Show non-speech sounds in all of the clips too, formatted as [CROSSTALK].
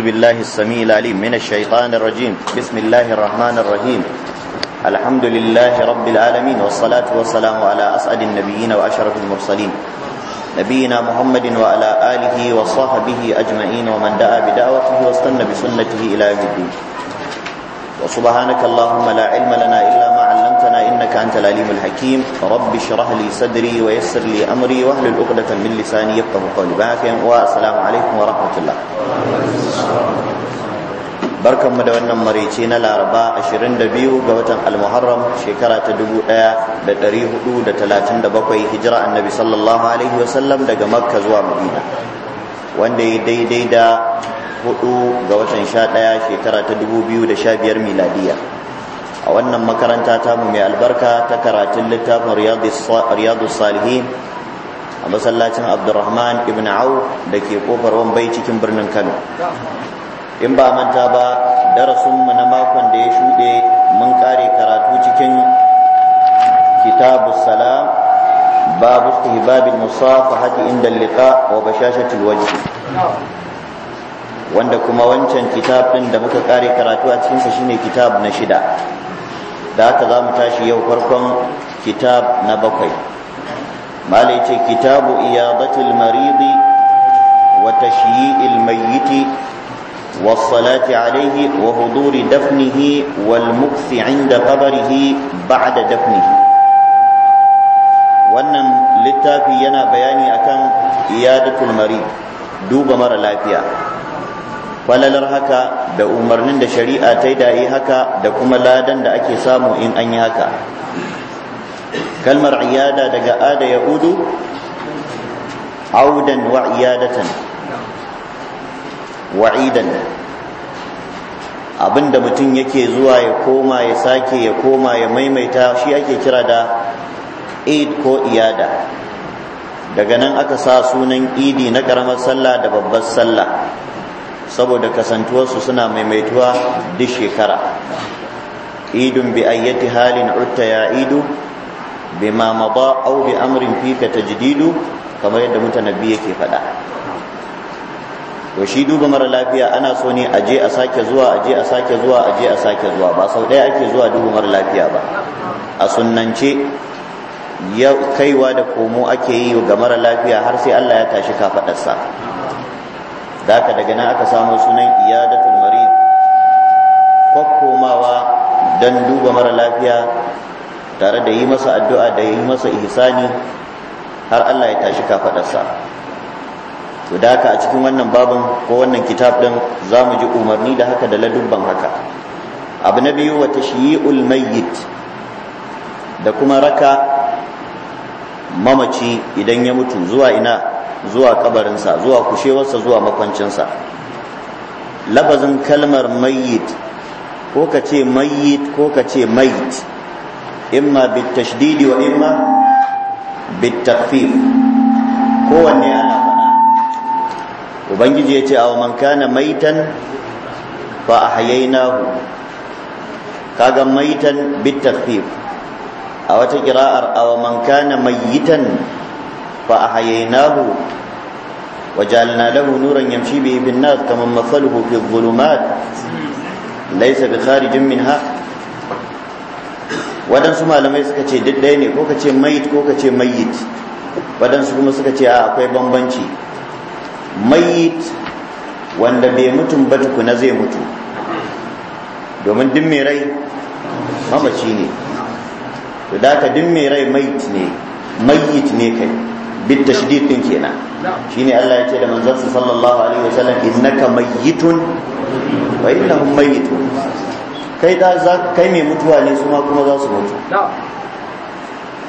أعوذ بالله السميع العليم من الشيطان الرجيم بسم الله الرحمن الرحيم الحمد لله رب العالمين والصلاة والسلام على أسعد النبيين وأشرف المرسلين نبينا محمد وعلى آله وصحبه أجمعين ومن دعا بدعوته واستنى بسنته إلى يوم الدين وسبحانك اللهم لا علم لنا إلا ما إنك أنت العليم الحكيم رب اشرح لي صدري ويسر لي أمري واحلل عقدة من لساني يفقه قولي باكم والسلام عليكم ورحمة الله barkan mu da wannan maraice na laraba 22 ga watan almuharram shekara ta 1437 hijira annabi sallallahu alaihi wasallam daga makka zuwa madina wanda ya daidai da 4 ga watan 11 shekara ta 2015 miladiya a wannan makaranta ta mu mai albarka ta karatun littafin riyadu salihin a masallacin abdurrahman ibn au da ke kofar wambai cikin birnin kano in ba manta ba mu na makon da ya shuɗe mun kare karatu cikin kitabu salam babu istihbabil musafahati inda liqa wa bashashatil wajhi wanda kuma wancan kitab ɗin da muka kare karatu a cikinsa shine kitab na shida da haka za mu tashi yau farkon kitab na bakwai malai ce kitabu iyadatul maridi wa tashyi'il mayyiti والصلاة عليه وحضور دفنه والمكث عند قبره بعد wannan littafi yana bayani akan iyadatul marid duba mara lafiya falalar haka da umarnin da shari'a ta yi da yi haka da kuma ladan da ake samu in an yi haka kalmar iyada daga ada ya udu audan wa iyadatan wa'idan abinda mutum yake zuwa ya koma ya sake ya koma ya maimaita shi ake kira da id ko iyada daga nan aka sa sunan idi na ƙaramar sallah da babbar sallah saboda kasantuwarsu suna maimaituwa duk shekara idun bi ayyati halin utta ya idu ma mada aw bi amrin fika tajdidu kamar yadda mutanabbi yake faɗa to shi duba mara lafiya ana so ne aje a sake zuwa aje a sake zuwa aje a sake zuwa ba sau ɗaya ake zuwa duba mara lafiya ba a sunnance ya kaiwa da komo ake yi ga mara lafiya har sai Allah ya tashi kafaɗarsa. zaka daga nan aka samu sunan iyadatul marid kwakkomawa don duba mara lafiya tare da yi masa addu'a da yi masa ihsani har Allah ya tashi kafadarsa to da haka a cikin wannan babin ko wannan kitab din zamu ji umarni da haka da ladubban haka abu na biyu wata shiyi'ul mayyit da kuma raka mamaci idan ya mutu zuwa ina zuwa kabarinsa zuwa kushewarsa zuwa makwancinsa labazin kalmar mayit ko ka ce mayit ko ka ce mayyit imma tashdidi wa imma bitakfif kowanne ana faɗa ubangiji ya ce a man kana maitan fa ahyaynahu kaga maitan bitakfif a wata kira'ar awa man kana mayitan فأحييناه وجعلنا له نورا يمشي به بالناس كمن مثله في الظلمات ليس بخارج منها waɗansu malamai suka ce duk ɗaya ne ko ka ce mayit ko ka ce mayit waɗansu kuma suka ce a akwai bambanci mayit wanda bai mutum ba tukuna zai mutu domin din mai rai mamaci ne to da ka din mai rai mayit ne mayit ne kai bit tashdid din kenan shine Allah yake da manzon sa sallallahu alaihi wasallam innaka mayyitun wa innahum mayyitun kai da za kai mai mutuwa ne su ma kuma za su mutu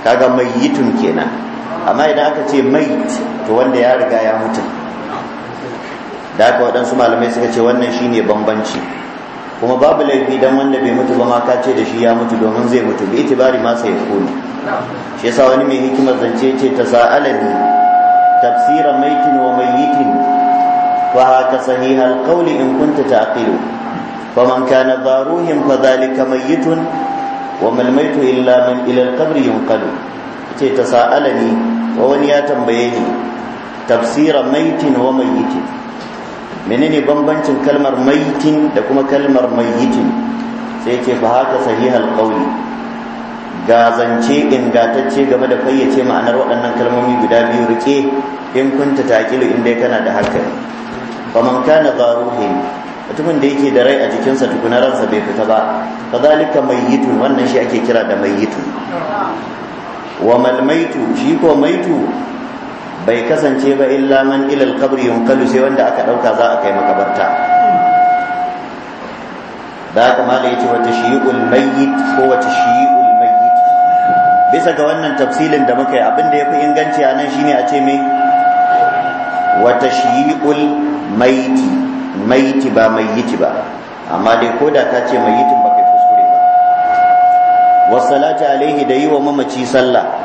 kaga mayyitun kenan amma idan aka ce mayit to wanda ya riga ya mutu da haka waɗansu malamai suka ce wannan shine bambanci kuma babu laifi dan wanda bai mutu ba ma ka ce da shi ya mutu domin zai mutu bi itibari ma sai ya kone shi yasa wani mai hikimar zance ce ta sa'alani tafsira maitin wa mayyitin wa haka sahihal qawli in kunta taqilu man kana daruhim fa dhalika mayyitun wa mal maitu illa min ila al qabri yunqalu ce ta sa'alani wa wani ya tambaye ni tafsira maitin wa mayyitin menene bambancin kalmar maitin da kuma kalmar mayitin sai ce fa haka sahihal qawli ga zance ingantacce game da fayyace ma'anar waɗannan kalmomi guda biyu rike in kunta taqilu in dai kana da hankali faman kana zaruhi mutumin da yake da rai a jikinsa tukuna ransa bai fita ba kadhalika mayyitun wannan shi ake kira da mayyitun wa mal maitu shi ko maitu bai kasance ba illa man ilal kabri yunqalu sai wanda aka dauka za a kai makabarta da haka mala yace wa tashyi'ul mayyit ko wa tashyi'ul mayyit bisa ga wannan tafsilin da muka yi abin da yafi inganci anan shine a ce me wa tashyi'ul mayyit mayyit ba mayyit ba amma dai koda ka ce mayyitin kai kuskure ba wasalatu alaihi da yi wa mamaci sallah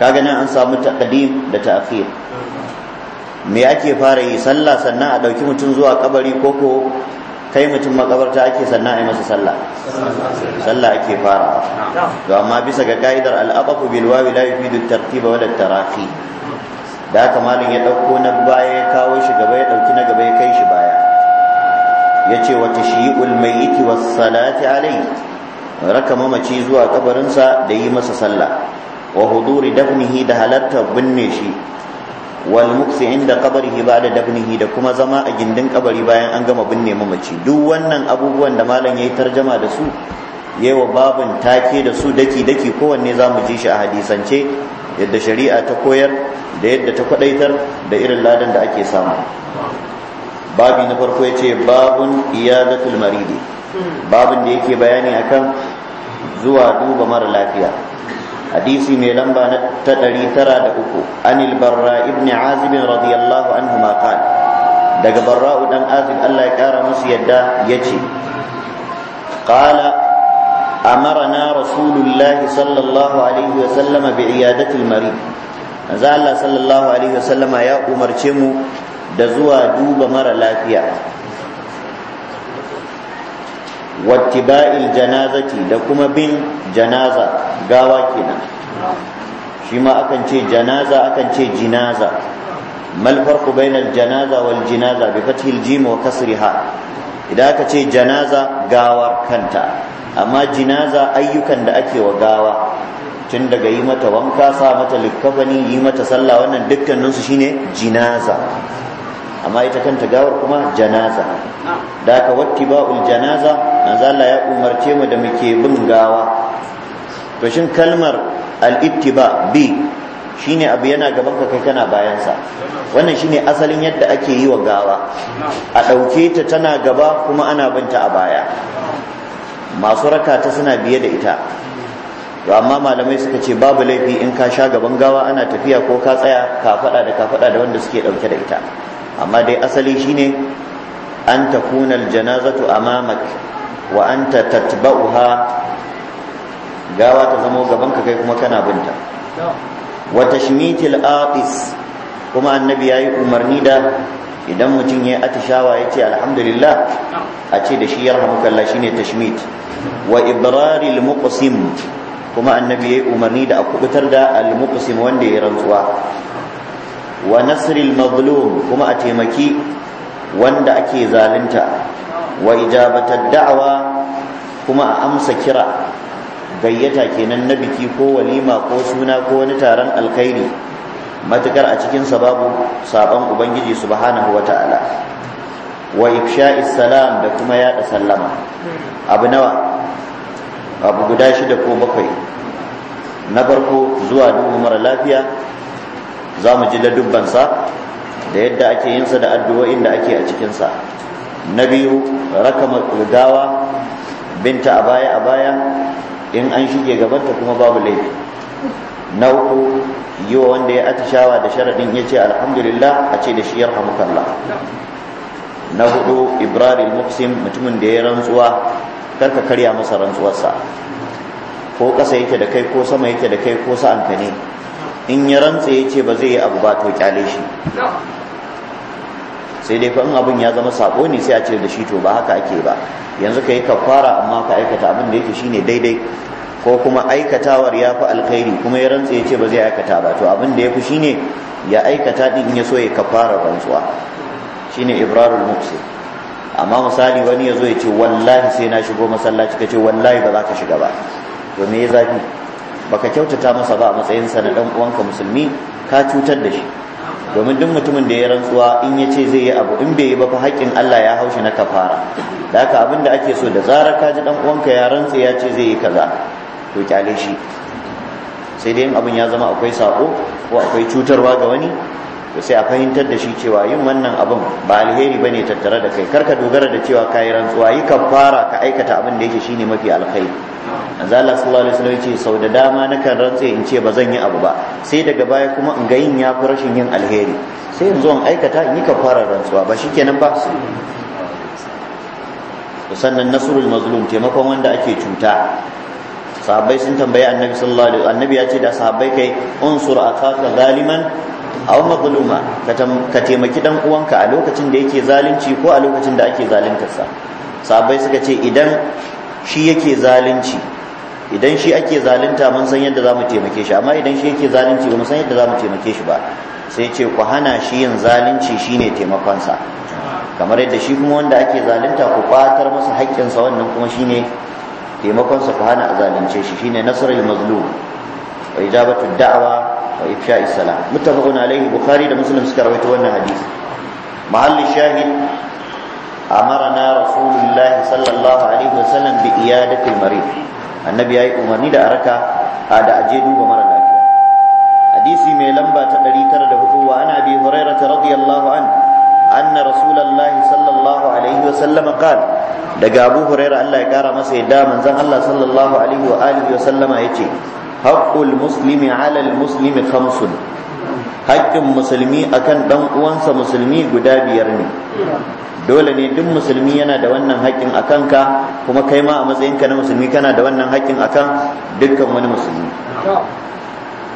kaga nan an samu taqdim da ta'khir me ake fara yi sallah sannan a dauki mutum zuwa kabari ko kai mutum makabarta ake sannan a yi masa sallah sallah ake fara to amma bisa ga ka'idar al'aqafu bil wawi la yufidu tartiba wala tarafi da haka malin ya dauko na baya ya kawo shi gaba ya dauki na gaba ya kai shi baya yace wa tashyi'ul mayyiti was salati alayhi raka mamaci zuwa kabarinsa da yi masa sallah wa huduri dafnihi da halartar binne shi wal muksi inda kabarihi ba da dafnihi da kuma zama a gindin kabari bayan an gama binne mamaci duk wannan abubuwan da malam ya yi tarjama da su yayi wa babin take da su daki daki kowanne zamu ji shi a hadisance yadda shari'a ta koyar da yadda ta kwadaitar da irin ladan da ake samu babi na farko yace ce babun iyadatul maridi babin da yake bayani akan zuwa duba mara lafiya hadisi mai lamba ta ɗari tara da uku anil barra ibn azib radiyallahu anhu ma daga barra'u dan azib Allah ya kara musu yadda yace qala أمرنا رسول الله صلى الله عليه وسلم بعيادة المريض زال صلى الله عليه وسلم يا أمر da zuwa duba mara lafiya wattiba'il janazati da kuma bin janaza gawa kenan shi ma akan ce janaza akan ce jinaza mal farqu bainal janaza wal jinaza bi fathil jim wa kasriha idan aka ce janaza gawa kanta amma jinaza ayyukan da ake wa gawa tun daga yi mata wanka sa mata likkafani yi mata sallah wannan dukkaninsu shine jinaza amma ita kanta gawar kuma janaza da ka ba'ul janaza manzala ya umarce mu da muke bin gawa to shin kalmar al-ittiba bi shine abu yana gaban ka kai kana bayansa wannan shine asalin yadda ake yi wa gawa a ɗauke ta tana gaba kuma ana binta a baya masu raka ta suna biye da ita to amma malamai suka ce babu laifi in ka sha gaban gawa ana tafiya ko ka tsaya ka faɗa da ka faɗa da wanda suke ɗauke da ita amma dai asali shine an takuna aljanazatu amamak wa anta tatba'uha gawa ta zamo gaban ka kai kuma kana binta wa tashmitil atis kuma annabi yayi umarni da idan mutum ya atishawa ya ce alhamdulillah a ce da shi yarhamukallah shine tashmit wa ibraril muqsim kuma annabi yayi umarni da a kubutar da al wanda ya rantsuwa wa nasril mazlum kuma a taimaki wanda ake zalunta wa ijabatar da'awa kuma a amsa kira gayyata kenan na biki ko walima ko suna ko wani taron alkhairi matukar a cikinsa babu sabon ubangiji subhanahu wa ta'ala wa ifsha'is salam da kuma yada sallama abu nawa abu guda shida ko bakwai na farko zuwa duhu mara lafiya za mu ji ladubbansa da yadda ake sa da addu'o'in da ake a cikinsa na biyu rakama gawa binta a baya a baya in an shige gabanta kuma babu laifi na uku yi wa wanda ya atishawa da sharaɗin ya ce alhamdulillah a ce da shi ya kalla. na hudu ibrahim muksim mutumin da ya rantsuwa karka karya masa rantsuwarsa ko ƙasa yake da kai ko sama yake da kai ko sa ne in ya rantsa ya ce ba zai yi abu ba to kyale shi sai dai fa in abin ya zama sako ne sai a ce da shi to ba haka ake ba yanzu ka yi kafara amma ka aikata abin da yake shine daidai ko kuma aikatawar ya fi alkhairi kuma ya rantsa ya ce ba zai aikata ba to abin da ya fi shine ya aikata din in ya so ya kafara rantsuwa shine ibrarul muksi amma misali wani ya zo ya ce wallahi sai na shigo masallaci ka ce wallahi ba za ka shiga ba to me ya zafi baka kyautata masa ba a matsayinsa na dan uwanka musulmi ka cutar da shi domin duk mutumin da ya rantsuwa in ya ce zai yi abu in bai yi ba fa haƙƙin Allah ya haushi na kafara da haka abin da ake so da zarar ka ji dan uwanka ya rantsa ya ce zai yi kaza to kyale shi sai dai in abin ya zama akwai sako ko akwai cutarwa ga wani to sai a fahimtar da shi cewa yin wannan abin ba alheri ba ne tattare da kai karka dogara da cewa ka yi rantsuwa yi ka fara ka aikata abin da yake ne mafi alkhairi manzo Allah sallallahu alaihi wasallam ce sau da dama nakan rantse in ce ba zan yi abu ba sai daga baya kuma in ga yin yafi rashin yin alheri sai in zo aikata in yi fara rantsuwa ba shikenan ba sannan nasrul mazlum taimakon wanda ake cuta sahabbai sun tambayi annabi sallallahu alaihi annabi ya ce da sahabai kai unsur akaka zaliman aw mazluma ka taimaki dan uwanka a lokacin da yake zalunci ko a lokacin da ake zaluntarsa sahabbai suka ce idan shi yake zalunci idan shi ake zalunta mun san yadda za taimake shi amma idan shi yake zalunci ba san yadda za taimake shi ba sai ce ku hana shi yin zalunci shine taimakonsa kamar yadda shi kuma wanda ake zalunta ku kwatar masa sa wannan kuma shine taimakonsa ku hana a zalunce shi shine nasrul mazlum wa ijabatu da'wa wa ifsha'i salam muttafaqun alaihi bukhari da muslim suka rawaito wannan hadisi mahalli shahid amarna rasulullah sallallahu alaihi wa sallam bi iyadatil marid annabi yayi umarni da araka da aje duba mara lafiya hadisi mai lamba ta 904 wa ana bi hurairah radiyallahu an, أن رسول sallallahu alaihi wa عليه وسلم قال daga Abu Huraira Allah ya kara masa yadda manzon Allah sallallahu alaihi wa alihi wa sallama yace haqqul muslimi ala al muslimi khamsun haƙƙin musulmi akan ɗan uwansa musulmi guda biyar ne dole ne duk musulmi yana da wannan haƙƙin a kanka kuma kai ma a matsayinka na musulmi kana da wannan haƙƙin a kan dukkan wani musulmi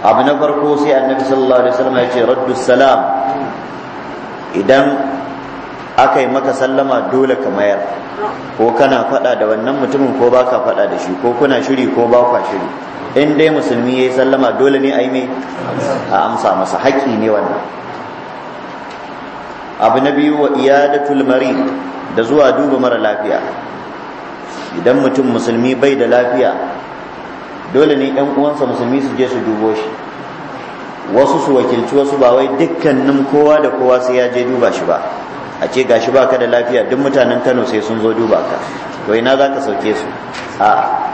abu na farko sai annabi sallallahu alaihi wasallam ya ce raddu salam idan aka yi maka sallama dole ka mayar ko kana faɗa da wannan mutumin ko baka faɗa da shi ko kuna shiri ko ba shiri in dai musulmi ya yi sallama dole ne a yi mai a amsa masa haƙƙi ne wannan abu na biyu wa iyadatul tulmari da zuwa duba mara lafiya idan mutum musulmi bai da lafiya dole ne yan uwansa musulmi su je su dubo shi wasu su wakilci wasu ba wai dukkanin kowa da kowa sai ya je duba shi ba a ce gashi ba ka da lafiya duk mutanen kano sai sun zo duba ka to ina za ka sauke su a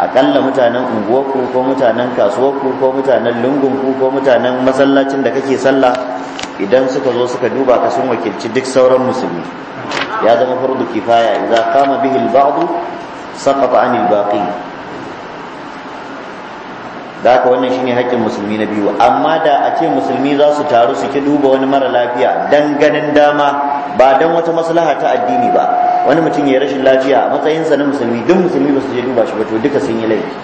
akalla mutanen unguwarku ko mutanen kasuwarku ko mutanen lungunku ko mutanen masallacin da kake sallah idan suka zo suka duba ka sun wakilci duk sauran musulmi ya zama fardu kifaya idza qama bihi al saqata 'an al-baqi da ka wannan shine haƙƙin musulmi na biyu amma da a ce musulmi za su taru su ki duba wani mara lafiya dan ganin dama ba dan wata maslaha ta addini ba wani mutum ya rashin lafiya a matsayinsa na musulmi duk musulmi ba su je duba shi ba to duka sun yi laifi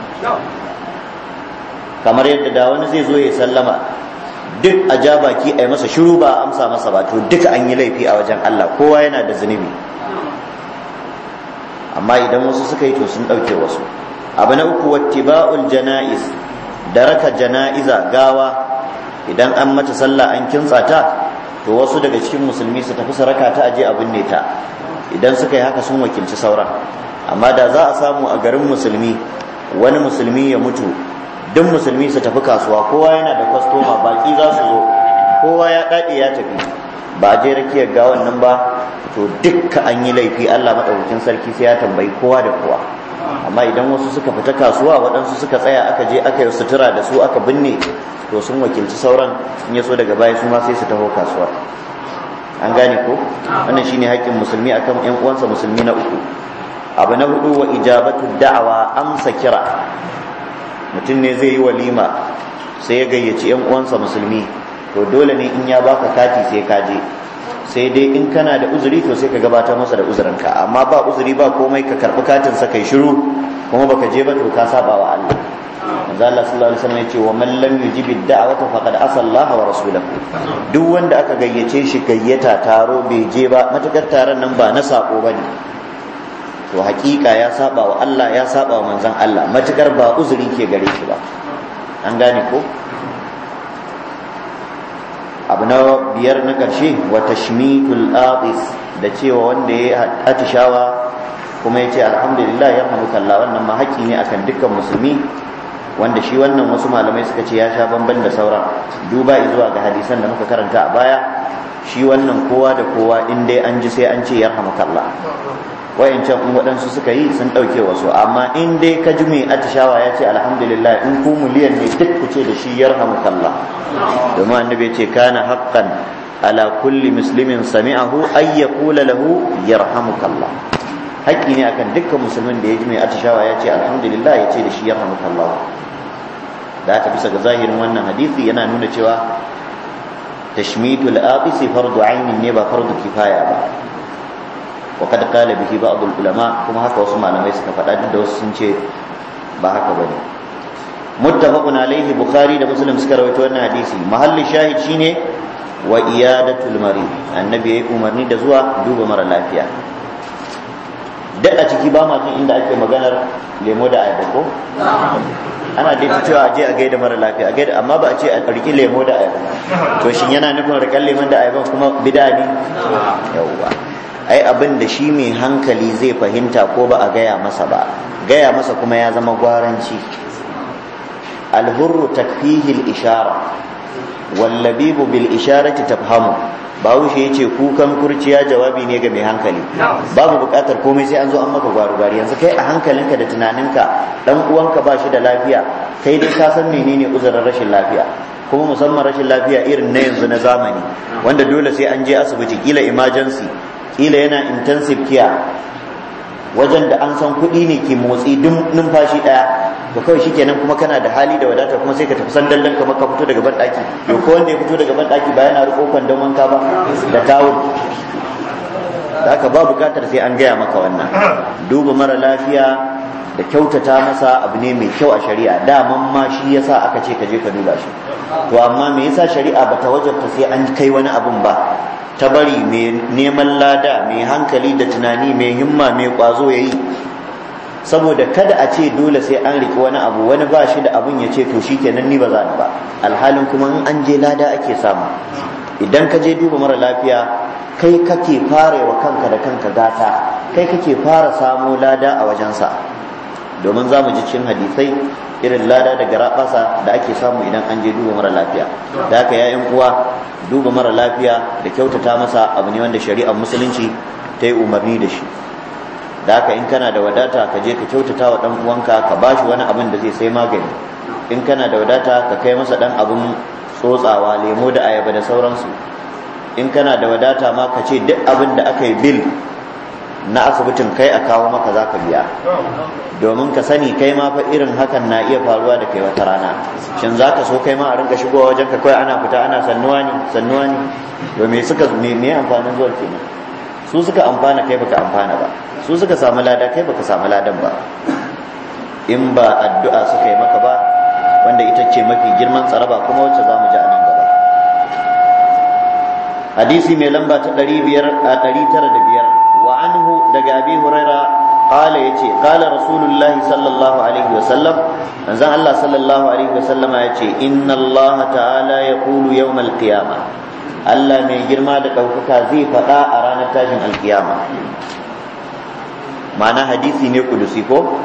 kamar yadda da wani zai zo ya sallama duk a ja baki a yi masa shiru ba a amsa masa ba to duka an yi laifi a wajen Allah kowa yana da zunubi amma idan wasu suka yi to sun ɗauke wasu abu na uku wattiba'ul jana'iz da raka jana'iza gawa idan an mata sallah an kintsata? to wasu daga cikin musulmi su tafi saraka ta aje abin ne ta idan suka yi haka sun wakilci sauran amma da za a samu a garin musulmi wani musulmi ya mutu duk musulmi su tafi kasuwa kowa yana da kwastoma baki za su zo kowa ya daɗe ya tafi ba a je rakiyar gawan nan ba to dukka an yi laifi Allah maɗaukakin sarki sai ya tambayi kowa da kowa amma idan wasu suka fita kasuwa waɗansu suka tsaya aka je aka yi sutura da su aka binne to sun wakilci sauran in yaso daga baya su ma sai su taho kasuwa an gane ko wannan shine haƙƙin musulmi akan ƴan uwansa musulmi na uku abu na hudu wa ijabatu da'awa amsa kira mutum ne zai yi walima sai ya gayyaci ƴan uwansa musulmi to dole ne in ya baka kati sai ka je sai dai in kana da uzuri to sai ka gabatar masa da uzurinka amma ba uzuri ba komai ka karbi katin sa kai shiru kuma baka je ba to ka saba wa Allah manzo Allah sallallahu alaihi wasallam yace wa man lam yujibi da'wata faqad asallaha wa rasulahu duk wanda aka gayyace shi gayyata taro bai je ba matakar taron nan ba na sako bane to haƙiƙa ya saba wa Allah ya saba wa manzon Allah matakar ba uzuri ke gare shi ba an gane ko abu na biyar na ƙarshe wa tashmitul aqis da cewa wanda ya atishawa kuma ya ce alhamdulillah ya kalla. wannan ma haƙƙi ne akan dukkan musulmi wanda shi wannan wasu malamai suka ce ya sha bamban da sauran duba zuwa ga hadisan da muka karanta a baya shi wannan kowa da kowa in dai an ji sai an ce ya kalla. wayancan in waɗansu suka yi sun ɗauke wasu amma in dai ka ji mai atishawa ya ce alhamdulillah in ku miliyan ne duk ku ce da shi yarhamukallah domin annabi ya ce kana haqqan ala kulli muslimin sami'ahu ay yaqula lahu yarhamukallah haƙƙi ne akan dukkan musulmin da ya ji mai atishawa ya ce alhamdulillah ya ce da shi yarhamukallah da aka bisa ga zahirin wannan hadisi yana nuna cewa tashmitul aqisi fardu ainin ne ba fardu kifaya ba wa kada kala bihi ba'd ulama kuma haka wasu malamai suka faɗa duk da wasu sun ce ba haka bane muttafaqun alayhi bukhari da muslim suka rawaito wannan hadisi mahallin shahid shine wa iyadatul marid annabi yayi umarni da zuwa duba mara lafiya da a ciki ba ma jin inda ake maganar lemo da ayaba ko ana da ta cewa je a gaida mara lafiya a gaida amma ba a ce a riki lemo da ayaba to shin yana nufin rikan lemon da ayaba kuma bida ne yawwa ai abin da shi mai hankali zai fahimta ko ba a gaya masa ba gaya masa kuma ya zama gwaranci alhurru takfihi ishara wallabibu bil isharati tafhamu bawushe yace ce kukan kurciya jawabi ne ga mai hankali babu buƙatar komai sai an zo an maka gwarugwari yanzu kai a hankalinka da tunaninka dan uwanka ba shi da lafiya kai dai ka san menene uzurin rashin lafiya kuma musamman rashin lafiya irin na yanzu na zamani wanda dole sai an je asibiti kila emergency kila yana intensive care wajen da an san kuɗi ne ke motsi duk numfashi ɗaya ba kawai shi kenan kuma kana da hali da wadata kuma sai ka tafi sandallan kamar ka fito daga banɗaki to ko wanda ya fito daga banɗaki ba yana riƙo kwandon wanka ba da tawul da aka ba bukatar sai an gaya maka wannan duba mara lafiya da kyautata masa abu ne mai kyau a shari'a daman ma shi yasa aka ce ka je ka duba shi to amma me yasa shari'a ba ta wajabta sai an kai wani abu ba ta bari mai neman lada mai hankali da tunani mai himma mai kwazo yayi saboda kada a ce dole sai an riki wani abu wani ba shi da abun ya ce to shikenan ni ba za ni ba alhalin kuma in an je lada ake samu idan ka je duba mara lafiya kai kake fara wa kanka da kanka gata kai kake fara samo lada a wajensa domin za mu ji cikin hadisai irin lada da garabasa da ake samu idan an je duba mara lafiya da haka yayan uwa duba mara lafiya da kyautata masa abu ne wanda shari'ar musulunci ta yi umarni da shi da haka in kana da wadata ka je ka kyautata wa dan uwanka ka ba shi wani abin da zai sai magani in kana da wadata ka kai masa dan abin tsotsawa lemo da ayaba da sauransu in kana da wadata ma ka ce duk abin da aka yi bil na asibitin kai a kawo maka za ka biya domin ka sani kai ma fa irin hakan na iya faruwa da kai wata rana shin za ka so kai ma a rinka shigowa wajen ka kawai ana fita ana sannuwa ne sannuwa ne to me suka me amfanin zuwa kenan su suka amfana kai baka amfana ba su suka samu lada kai baka samu ladan ba in ba addu'a suka yi maka ba wanda ita ce mafi girman tsaraba kuma wacce za mu ji a nan gaba hadisi mai lamba ta 500 a 905 anhu daga abi huraira qala yace qala rasulullah sallallahu alaihi wasallam manzon Allah sallallahu alaihi wasallam yace inna Allah ta'ala yaqulu yawm al-qiyamah Allah mai girma da ɗaukaka zai faɗa a ranar tashin al-kiyama. ma'ana hadisi ne kudusi ko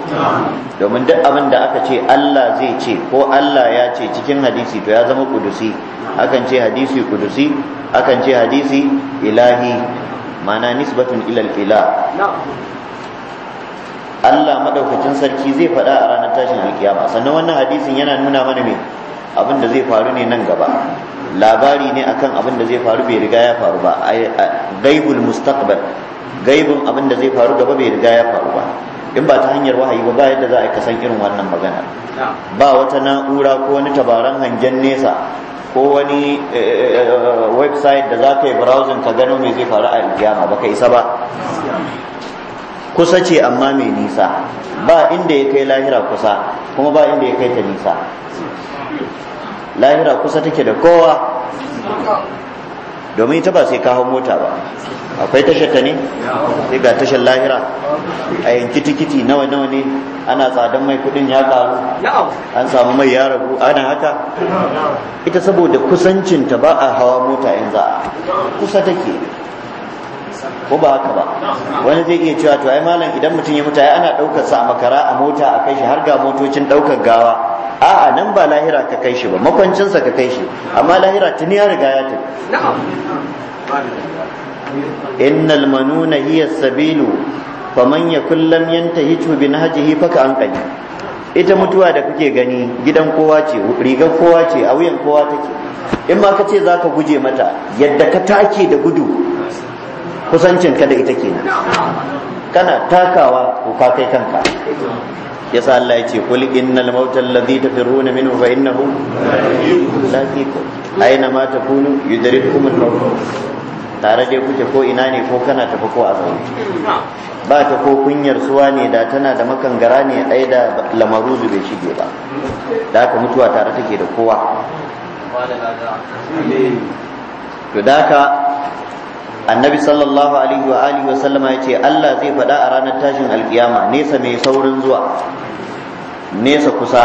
domin duk abin da aka ce Allah zai ce ko Allah ya ce cikin hadisi to ya zama kudusi akan ce hadisi kudusi akan ce hadisi ilahi ma'ana nisbatun ilal ila Allah madaukakin sarki zai faɗa a ranar tashin alkiyama sannan wannan hadisin yana nuna mana me abin da zai faru ne nan gaba labari ne akan abin da zai faru bai riga ya faru ba gaibul mustaqbal gaibin abin da zai faru gaba bai riga ya faru ba in ba ta hanyar wahayi ba ba yadda za a kasan irin wannan magana ba wata na'ura ko wani tabaran hangen nesa ko wani eh, eh, eh, website da za ka yi browsing ka gano mai zai faru a alkiyama ba ka isa ba kusa ce amma mai nisa ba inda ya kai lahira kusa kuma ba inda ya kai ta nisa lahira kusa take da kowa domin ita ba sai ka hau mota ba akwai tashar ta ne sai ga tashar lahira a yanki tikiti nawa nawa ne ana tsadan mai kudin ya karu an samu mai ya ragu ana haka ita saboda kusancinta ba a hawa mota in za a kusa take ko ba haka ba wani zai iya cewa to ai malam idan mutum ya mutu ana daukar sa a makara a mota a kai shi har ga motocin daukar gawa a'a nan ba lahira ka kai shi ba makwancinsa ka kai shi amma lahira tuni ya riga ya tafi innal manuna hiya sabilu faman yakul lam yantahi bi nahjihi ka anqali ita mutuwa da kuke gani gidan kowa ce rigar kowa ce a wuyan kowa take in ma ka ce za ka guje mata yadda ka take da gudu kusancin ka da ita kenan kana takawa ko ka kai kanka yasa Allah ya ce kul innal mauta alladhi tafiruna minhu fa innahu aina ma takunu yudrikum al-maut tare dai kuke ko ina ne ko kana tafi ko a zaune ba ta ko kunyar suwa ne da tana da makangara ne ai da lamaru bai shige ba da ka mutuwa tare take da kowa to da annabi sallallahu alaihi wa alihi wa sallama yace Allah zai faɗa a ranar tashin alkiyama nesa mai saurin zuwa nesa kusa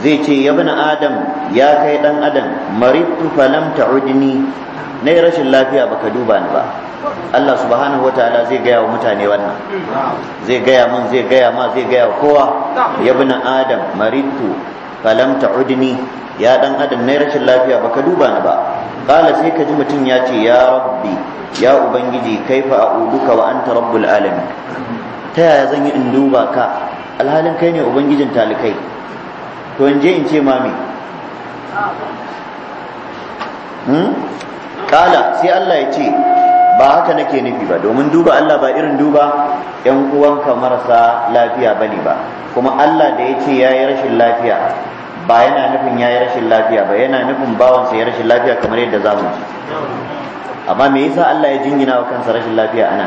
zai ce ya bani adam ya kai dan adam maritu falam ta'udni nayi rashin lafiya baka duba ni ba Allah subhanahu wataala zai gaya wa mutane wannan zai gaya mun zai gaya ma zai gaya kowa ya bani adam maritu falam ta'udni ya dan adam nayi rashin lafiya baka duba ni ba qala sai ka ji mutum ya ce ya rabbi ya ubangiji kaifa a'uduka wa anta rabbul alamin ta yaya zan yi in duba ka alhalin kai ne ubangijin talikai to in je in ce mami kala hmm? sai Allah ya ce ba haka nake nufi ba domin duba Allah ba irin duba yan uwanka marasa lafiya bane ba kuma Allah da ya ce yayi rashin lafiya ba yana nufin ya yi rashin lafiya ba yana nufin bawansa ya rashin lafiya kamar yadda za mu ji amma me yasa Allah ya jingina wa kansa rashin lafiya ana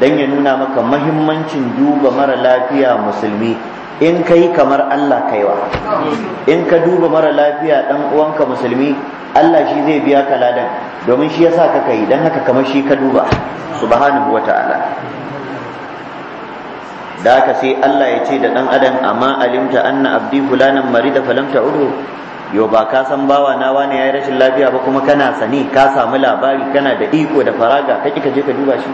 dan ya nuna maka mahimmancin duba mara lafiya musulmi in ka kamar Allah kaiwa in ka duba mara lafiya dan uwanka musulmi Allah shi zai biya ka ladan domin shi yasa ka kai dan haka kamar shi ka duba subhanahu wata'ala da aka sai Allah ya ce da ɗan adam amma alimta anna abdi fulanan marida falam ta'udu yo ba ka san bawa na wani yayi rashin lafiya ba kuma kana sani ka samu labari kana da iko da faraga kake ka je ka duba shi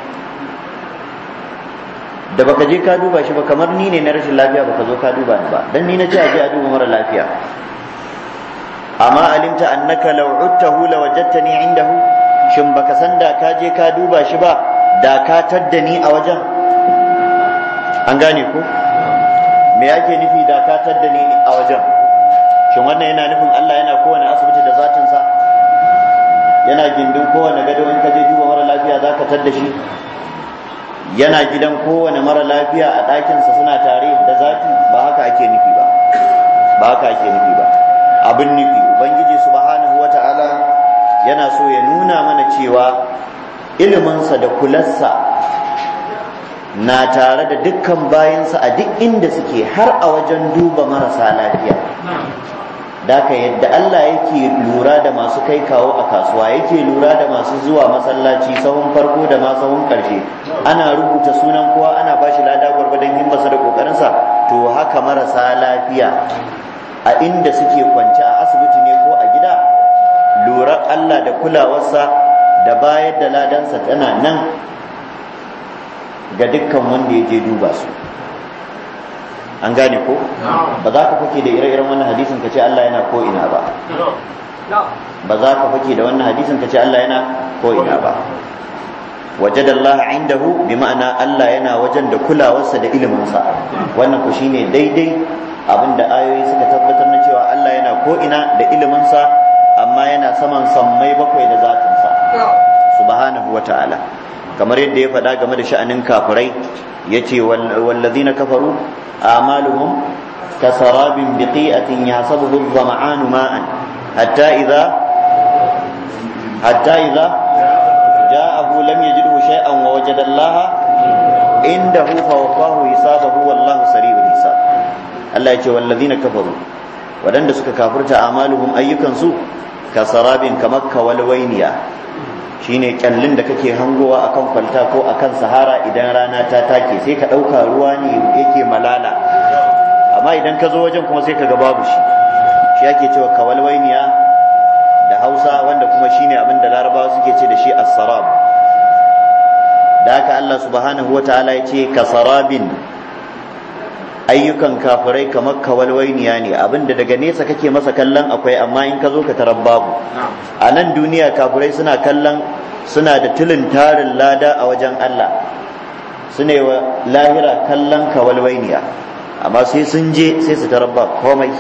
da baka je ka duba shi ba kamar ni ne na rashin lafiya baka zo ka duba ni ba dan ni na ce a je a duba mara lafiya amma alimta annaka law uttahu lawajadtani indahu shin baka san da ka je ka duba shi ba da ka tadda ni a wajen an gane ku? me yake nufi dakatar da ni a wajen shin wannan yana nufin Allah yana kowane asibiti da zatinsa yana gindin kowane gado in ka je duba mara lafiya za ka tadda shi yana gidan kowane mara lafiya a ɗakinsa suna tare da zafi ba haka ake nufi ba ba haka ake nufi ba abin nufi ubangiji subhanahu wata'ala yana so ya nuna mana cewa iliminsa da kulassa. na tare da dukkan bayansa a duk inda suke har a wajen duba marasa lafiya daka yadda Allah yake lura da masu kai kawo a kasuwa yake lura da masu zuwa masallaci sahun farko da ma sahun karshe ana rubuta sunan kowa ana bashi lada gwargwadon himmarsa da kokarinsa to haka marasa lafiya a inda suke kwance a asibiti ne ko a gida lura Allah da kulawarsa da bayar da ladansa tana nan ga dukkan wanda ya je duba su an gane ko ba za ka fake da ire-iren wannan hadisin ka ce Allah yana ko ina ba ba za ka fake da wannan hadisin ka ce Allah yana ko ina ba wajen Allah indahu bi ma'ana Allah yana wajen da kulawarsa da iliminsa wannan ku shine daidai abinda ayoyi suka tabbatar na cewa Allah yana ko ina da iliminsa amma yana saman sammai bakwai da zatinsa subhanahu wa ta'ala kamar yadda ya faɗa game da sha'anin kafirai yace wallazina kafaru a'maluhum kasarabin biƙi a yasabuhu adh-dhama'anu ma'an hatta idza ya idza shai lam yajidhu shay'an inda wajada Allah indahu fawaffahu hisabahu wallahu sari'ul hisab Allah ya ce yace wallazina kafaru waɗanda suka kafurta kafirta a'maluhum ayyukansu kasarabin kamar kawalwainiya shine kyallin da kake hangowa akan kwalta ko a kan sahara idan rana ta take sai ka ɗauka ruwa ne yake malala amma idan ka zo wajen kuma sai ka ga babu shi shi ake cewa kawalwainiya da hausa wanda kuma shine abin da larabawa suke ce da shi as-sarab da haka Allah subhanahu wataala ya ce ka sarabin ayyukan kafirai kamar kawalwainiya ne abinda daga nesa kake masa kallon akwai amma in ka zo ka tarar babu a nan duniya kafirai suna kallon suna da tilin tarin lada a wajen Allah su ne wa lahira kallon kawalwainiya amma sai sun je sai su tarar ba komai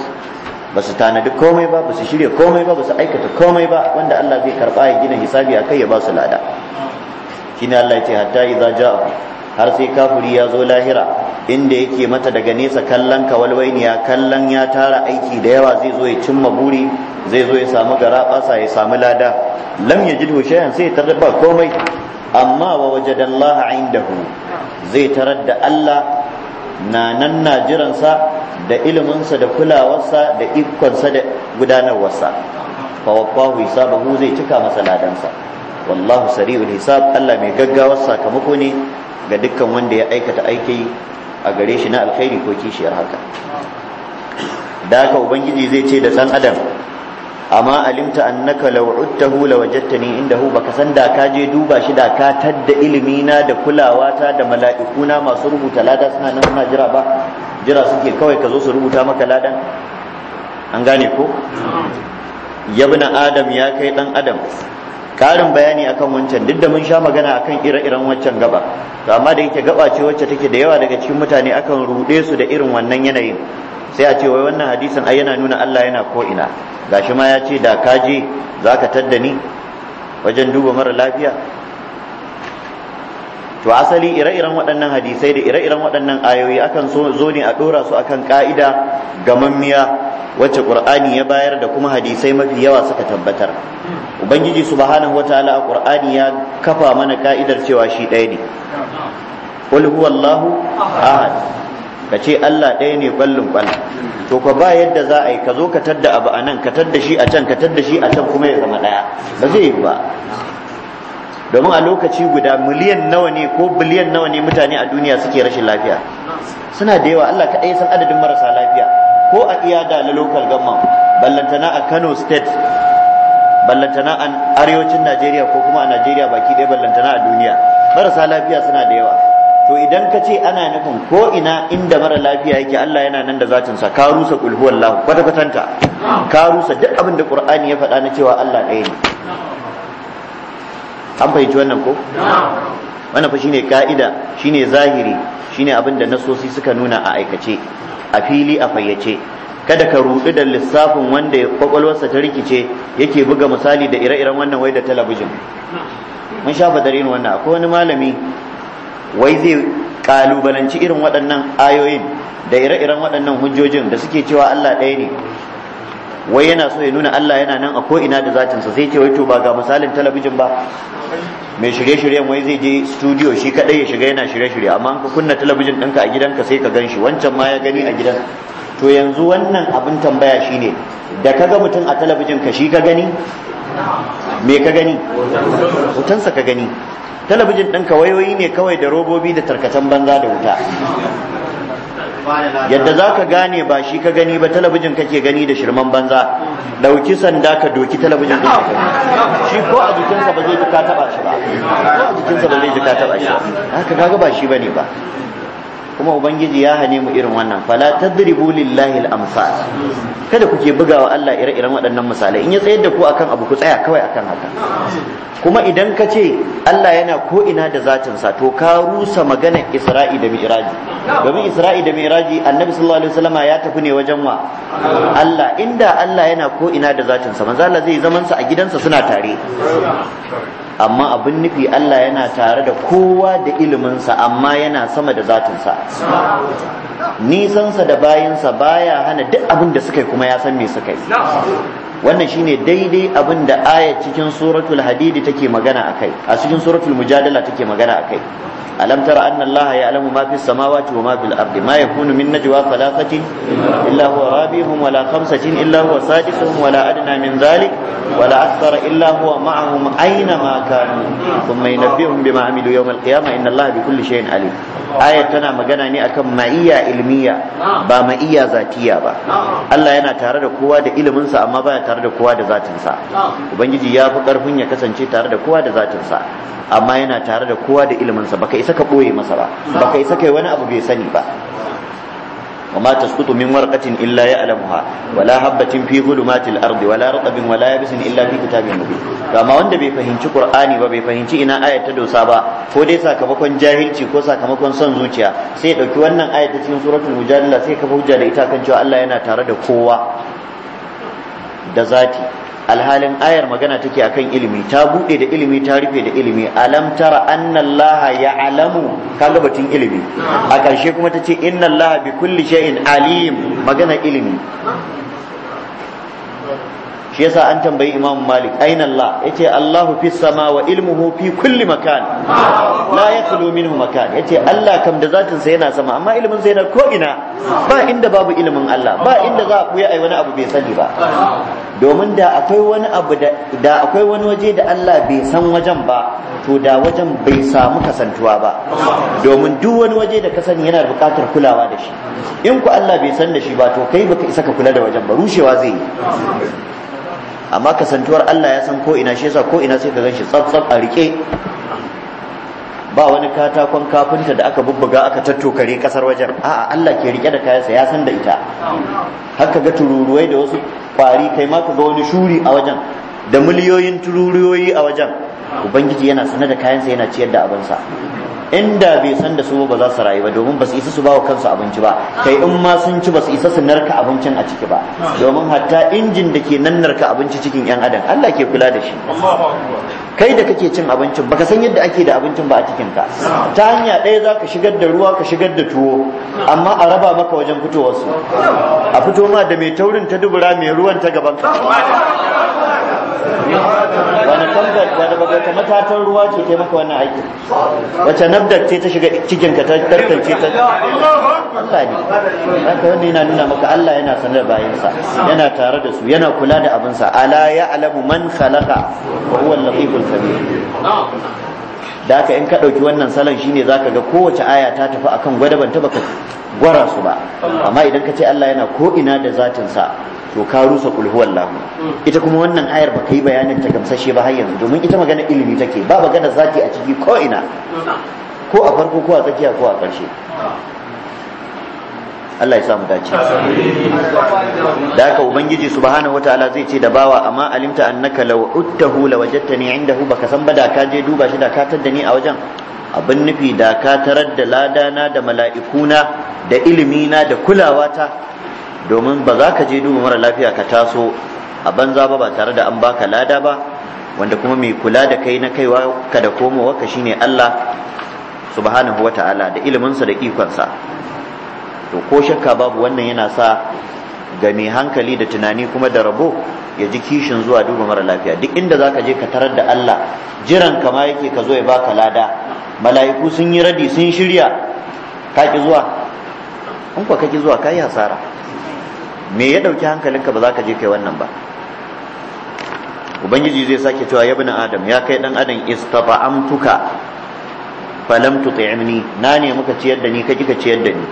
ba su tanadi komai ba ba su shirya komai ba ba su aikata komai ba wanda Allah zai karba ya gina hisabi kai ya ba su lada shine Allah ya ce hatta idza har sai kafuri ya zo lahira inda yake mata daga nesa kallon kawalwainiya kallon ya tara aiki da yawa zai zo ya cimma buri zai zo ya samu gara, basa ya samu lada lam ya shay'an sai ya ba komai amma wa wajadallaha indahu zai tarar da Allah na nan na jiransa da iliminsa da kulawarsa da ikonsa da gudanarwarsa fa wafahu hisabahu zai cika masa ladansa wallahu sari'ul hisab Allah mai gaggawar sakamako ne ga dukkan wanda ya aikata aiki a gare shi na alkhairi ko kishiyar haka da ka ubangiji zai ce da ɗan adam amma alimta annaka law uttahu lawajadtani indahu baka san da ka je duba shi da ka tadda ilimi na da kulawa ta da mala'ikuna masu rubuta lada suna nan suna jira ba jira suke kawai ka zo su rubuta maka ladan an gane ko yabna adam ya kai dan adam karin bayani akan wancan duk da mun sha magana akan ire-iren wancan gaba to amma da yake gaba ce wacce take da yawa daga cikin mutane akan rude su da irin wannan yanayin sai a ce wai wannan hadisin ai yana nuna Allah yana ko ina gashi ma ya ce da ka je zaka tadda ni wajen duba mara lafiya to asali ire-iren waɗannan hadisai da ire-iren waɗannan ayoyi akan zo ne a ɗora su akan ƙa'ida gamammiya wacce ƙur'ani ya bayar da kuma hadisai mafi yawa suka tabbatar ubangiji subhanahu wataala a ƙur'ani ya kafa mana ka'idar cewa shi ɗaya ne qul huwallahu ahad ka ce Allah ɗaya ne ƙwallon ƙwallon. to ka ba yadda za a yi ka zo ka tadda abu a nan ka tadda shi a can ka tadda shi a can kuma ya zama ɗaya ba zai yi ba domin a lokaci guda miliyan nawa ne ko biliyan nawa ne mutane a duniya suke rashin lafiya suna da yawa Allah kaɗai san adadin marasa lafiya ko a iyada na local government ballantana a Kano state ballantana a arewacin Najeriya ko kuma a Najeriya baki ɗaya ballantana a duniya marasa lafiya suna da yawa to idan ka ce ana nufin ko ina inda mara lafiya yake Allah yana nan da zatinsa ka rusa kulhuwallahu kwata kwatanta ka rusa duk abin da Qur'ani ya faɗa na cewa Allah ɗaya ne an fahimci wannan ko wannan fa shine ka'ida shine zahiri shine abin da nasosi suka nuna a aikace a fili a fayyace kada ka rubi da lissafin wanda kwakwalwarsa ta rikice yake buga misali da ire-iren wannan wai da talabijin mun sha fadarin wannan akwai wani malami wai zai kalubalanci irin waɗannan ayoyin da ire-iren waɗannan hujjojin da suke cewa Allah ɗaya ne wai yana so ya nuna Allah yana nan a ko'ina da sa sai ce wai to ba ga misalin talabijin ba mai shirye-shiryen wai zai je studio shi kadai ya shiga yana shirye-shirye amma ka kunna talabijin ɗinka a gidanka sai ka gan shi wancan ma ya gani a gidan to yanzu wannan abin tambaya shi ne, da ka ga mutum a talabijin ka shi ka gani me ka gani hotonsa ka gani talabijin ɗinka wayoyi ne kawai da robobi da tarkacen banza da wuta yadda za ka gane ba shi ka gani ba talabijin kake gani da shirman banza dauki sanda ka doki talabijin din ka shi ko a jikinsa ba zai ji ka taba shi ba ko a jikinsa ba zai ji ka taba shi ba haka kaga ba shi bane ba kuma ubangiji ya hane mu irin wannan fala tadribu lillahi al-amsal kada kuke bugawa Allah ire-iren waɗannan misalai in ya tsayar da ku akan abu ku tsaya kawai akan haka kuma idan ka ce Allah yana ko ina da zatin sa to ka rusa maganar Isra'i da Mi'raji domin Isra'i da Mi'raji Annabi sallallahu alaihi wasallama ya tafi ne wajen wa Allah inda Allah yana ko ina da zatin sa manzo Allah zai zaman sa a gidansa suna tare amma abin nufi Allah yana tare da kowa da iliminsa amma yana sama da zatinsa nisansa da bayansa baya hana duk abin da suka yi kuma ya san me suka yi wannan shine daidai abin da ayat cikin suratul hadidi take magana akai a cikin suratul mujadala take magana akai alam tara anna allaha ya'lamu ma fis samawati wa ma bil ardi ma yakunu min najwa thalathatin illa huwa rabihum wala khamsatin illa huwa sadiquhum wala adna min dhalik Wala asara illa huwa mu'amilu aina maka ni. Kun mai na bin waɗanda Muhammadu ya yi wa al-kyama in na Allah ya fi kulle shayin Ali. Ayyana tana magana ne akan ma'iyya ilimiya ba ma'iyya zatiya ba. Allah yana tare da kowa da iliminsa amma baya tare da kowa da zatinsa. Ubangiji ya fi ƙarfin ya kasance tare da kowa da zatinsa amma yana tare da kowa da iliminsa. Ba ka isa ka boye masa ba, baka isa kai wani abu bai sani ba. وما تسقط من ورقة إلا يعلمها ولا حبة في ظلمات الأرض ولا رطب ولا يبس إلا في كتاب مبين فما وند بي فهمتي قرآني وبي فهمتي إنا آية تدوسا با ko dai sakamakon jahilci ko sakamakon son zuciya sai ɗauki wannan aya ta cikin suratun mujadala sai kafa hujja da ita kan cewa Allah yana tare da kowa da zati alhalin ayar magana take akan ilimi ta bude da ilimi ta rufe da ilimi alam tara ya ya'lamu kaga batun ilimi a karshe kuma tace inna allaha bi kulli shay'in alim magana ilimi shi yasa an tambayi imam malik aina allah yace allahu fis sama wa ilmuhu fi kulli makan la yakhlu minhu makan yace allah kam da zatin sa yana sama amma ilimin sa yana ko ina ba inda babu ilimin allah ba inda za ku yi wani abu bai sani ba domin da akwai wani abu da akwai wani waje da allah bai san wajen ba to da wajen bai samu kasantuwa ba domin duk wani waje da ka sani yana buƙatar kulawa da shi in ku allah bai san da shi ba to kai baka isa ka kula da wajen ba rushewa zai yi amma kasantuwar Allah ya san ko ina shi yasa ko ina sai ka ganshi tsaf a rike ba wani katakon kafinta da aka bubbuga aka tattokare kasar wajen a'a Allah ke rike da kayansa ya san da ita haka ga tururuwai da wasu kwari kai ma ka ga wani shuri a wajen da miliyoyin tururuyoyi a wajen ubangiji yana sanar da kayansa yana ciyar da abinsa inda bai san da su ba za su rayu ba domin ba su isa su bawa kansu abinci ba kai in ma sun ci ba su isa su narka abincin a ciki ba domin hatta injin da ke nan narka abinci cikin yan adam Allah ke kula da shi kai da kake cin abincin baka san yadda ake da abincin ba a cikin ka ta hanya ɗaya za ka shigar da ruwa ka shigar da tuwo amma a raba maka wajen fitowarsu a fito ma da mai taurin ta dubura mai ruwan ta gaban ka wani tambar wani baka ruwa ce ta maka wannan aikin Wacce nabdar ce ta shiga cikin ka ta tantance ta Allah ne haka wanda yana nuna maka Allah yana sanar bayansa yana tare da su yana kula da abinsa ala ya alamu man khalaqa wa huwa al-latiful khabir da haka in ka ɗauki wannan salon shine zaka ga kowace aya ta tafi akan ban ta baka gwara su ba amma idan ka ce Allah yana ko ina da zatin sa to ka rusa kul lahu. ita kuma wannan ayar ba yi bayanin ta gamsashe ba har yanzu domin ita magana ilimi take ba magana zati a ciki ko ina ko a farko ko a tsakiya ko a ƙarshe Allah ya samu dace da haka ubangiji subhanahu wataala zai ce da bawa amma alimta annaka law uttahu lawajadtani indahu baka san ba da ka je duba shi da ka tadda ni a wajen abin nufi da ka tarar da ladana da mala'ikuna da ilimina da kulawata domin ba za ka je duba mara lafiya ka taso a banza ba ba tare da an baka lada ba wanda kuma mai kula da kai na kaiwa ka da komowa ka shine Allah subhanahu ta'ala da iliminsa da ikonsa to ko shakka babu wannan yana sa ga mai hankali da tunani kuma da rabo ya ji kishin zuwa duba mara lafiya duk inda za ka je ka tarar da Allah jiran kama yake ka zo ya baka lada mala'iku sun yi radi sun shirya ka ki zuwa in ka ki zuwa ka yi hasara me ya ɗauki hankalinka ba za ka je kai wannan ba ubangiji zai sake cewa ya bani adam ya kai dan adam istata'amtuka falam tuti'ni na ne muka ciyar da ni ka kika ciyar da ni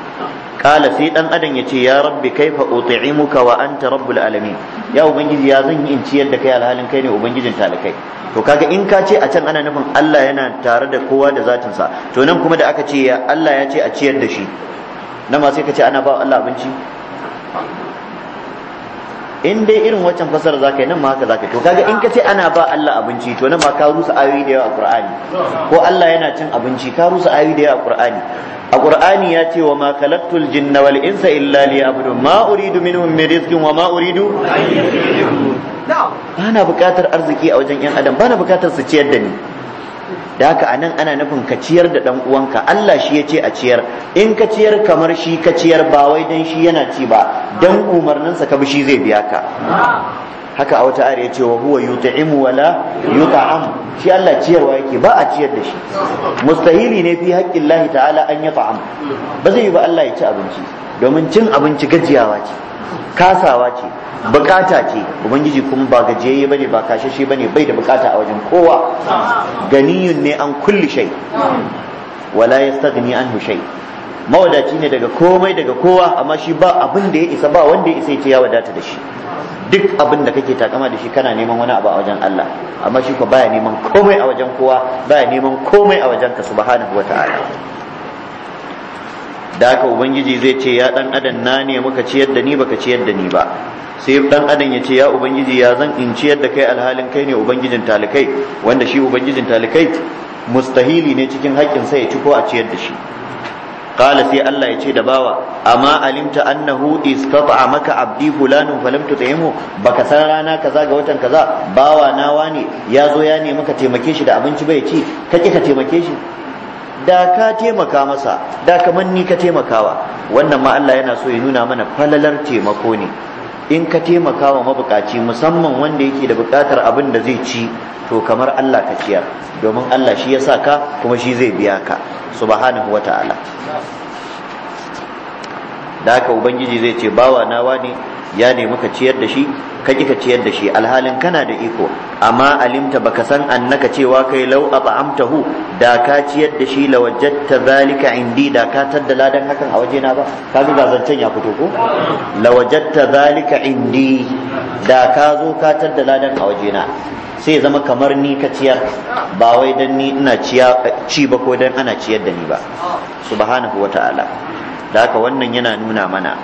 kala sai dan adam ya ce ya rabbi kaifa uti'imuka wa anta rabbul alamin ya ubangiji ya zan yi in ciyar da kai alhalin kai ne ubangijin talakai to kaga in ka ce a can ana nufin Allah yana tare da kowa da zatinsa to nan kuma da aka ce ya Allah ya ce a ciyar da shi nan ma sai ka ce ana ba Allah abinci in dai irin waccan fasara ka yi nan ma haka ka to kaga in ka ce ana ba Allah abinci to nan ma ka rusa ayoyi da yawa a Qur'ani ko Allah yana cin abinci ka rusa ayoyi da yawa a Qur'ani a Qur'ani ya ce wa ma khalaqtul jinna wal insa illa liya'budu ma uridu minhum min rizqin wa ma uridu bana bukatar arziki a wajen yan adam bana bukatar su ciyar da ni da haka anan ana nufin ka ciyar da dan uwanka Allah shi ya ce a ciyar in ka ciyar kamar shi ka ciyar ba wai dan shi yana ci ba dan umarninsa ka bi shi zai biya ka haka a wata ayar yace wa huwa yut'imu wala yut'am shi Allah ciyarwa yake ba a ciyar da shi mustahili ne fi haƙƙin ta'ala an yut'am ba zai yi ba Allah ya ci abinci domin cin abinci gajiyawa ce kasawa ce bukata ce ubangiji kuma ba gajiyayye bane ba kashashe bane bai da bukata a wajen kowa ganiyun ne an kulli shai. wala yastaghni anhu shai. mawadaci ne daga komai daga kowa amma shi ba abin da ya isa ba wanda ya isa ya ce ya wadata da shi duk abin da kake takama da shi kana neman wani abu a wajen Allah amma shi ko baya neman komai a wajen kowa baya neman komai a wajen ka subhanahu wata'ala da haka ubangiji zai ce ya dan adam na ne muka ciyar da ni baka ciyar da ni ba sai dan adam ya ce ya ubangiji ya zan in ciyar da kai alhalin kai ne ubangijin talikai wanda shi ubangijin talikai mustahili ne cikin haƙƙin sa ya ci ko a ciyar da shi qala sai Allah ya ce da bawa amma alimta annahu istata'a maka abdi fulanu falam tutaimu baka san rana kaza ga watan kaza bawa na wani ya zo ya nemi ka taimake shi da abinci bai ci ka ki ka taimake shi da ka taimaka masa da kamar ni ka taimakawa wannan ma Allah yana so ya nuna mana falalar taimako ne in ka taimaka wa mabukaci musamman wanda yake da bukatar abin da zai ci to kamar Allah ka ciyar domin Allah shi ya sa ka kuma shi zai biya ka subhanahu wa ta'ala da haka ubangiji zai ce bawa nawa ne ya nemi ka ciyar da shi ka ka ciyar da shi alhalin kana da iko amma alimta baka san annaka cewa kai lau amtahu da ka ciyar da shi la wajadta zalika indi da ka taddala dan hakan a waje ba ka ga zancen ya fito ko la wajadta zalika indi da ka zo ka taddala dan a waje sai zama kamar ni ka ciyar ba wai dan ni ina ci ba ko dan ana ciyar da ni ba subhanahu wata'ala da haka wannan yana nuna mana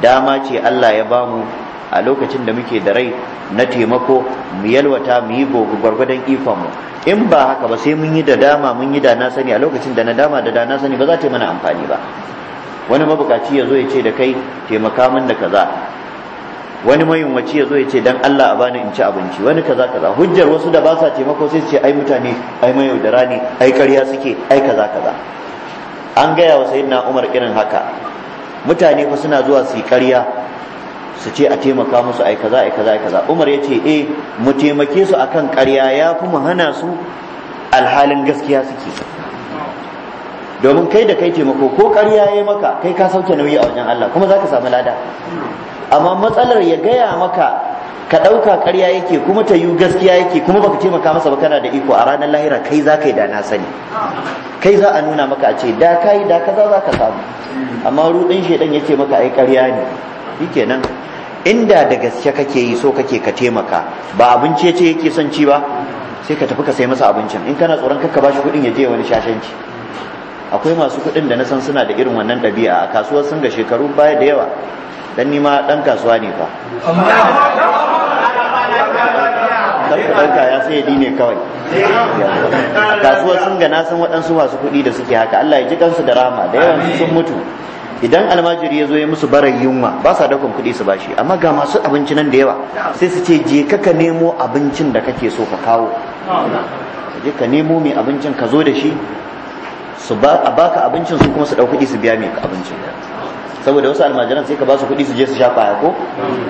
dama ce Allah ya bamu a lokacin da muke da rai na taimako mu yalwata mu yi gwargwadon ikonmu in ba haka ba sai mun yi da dama mun yi da na sani a lokacin da na dama da da na sani ba za ta yi mana amfani ba wani mabukaci ya zo ya ce da kai taimaka min da kaza wani mayunwaci ya zo ya ce dan Allah a bani in ci abinci wani kaza kaza hujjar wasu da ba sa taimako sai su ce ai mutane ai mayaudara ne ai ƙarya suke ai kaza kaza an gaya wa sayyidina Umar irin haka mutane fa suna zuwa su yi ƙarya su ce a taimaka musu ai kaza ai kaza ai kaza Umar ya ce e mu taimake su akan ƙarya ya fi mu hana su alhalin gaskiya suke domin kai da kai taimako ko ƙarya ya yi maka kai ka sauke nauyi a wajen Allah kuma za ka samu lada amma matsalar ya gaya maka ka ɗauka ƙarya yake kuma ta yi gaskiya yake kuma baka taimaka masa ba kana da iko a ranar lahira kai za ka yi da na sani kai za a nuna maka a ce da ka yi da kaza za ka samu amma rudin shaidan ya ce maka ai ƙarya ne shikenan inda da gaske kake yi so kake ka taimaka ba abinci ce yake son ci ba sai ka tafi ka sai masa abincin in kana tsoron kakka bashi kuɗin ya je wani shashanci akwai masu kuɗin da na san suna da irin wannan ɗabi'a a kasuwar sun ga shekaru baya da yawa dan nima dan kasuwa ne fa ɗauka ya sai ya ne kawai kasuwar sun gana san waɗansu masu kuɗi da suke haka Allah ya ji kansu da rahama da yawan sun mutu idan almajiri ya zo ya musu barar yunwa ba sa dakon kuɗi su bashi amma ga masu abinci nan da yawa sai su ce je ka ka nemo abincin da kake so ka kawo je ka nemo mai abincin ka zo da shi su ba a baka abincin su kuma su ɗau kuɗi su biya mai abincin saboda wasu almajiran sai ka ba su kuɗi su je su sha ya ko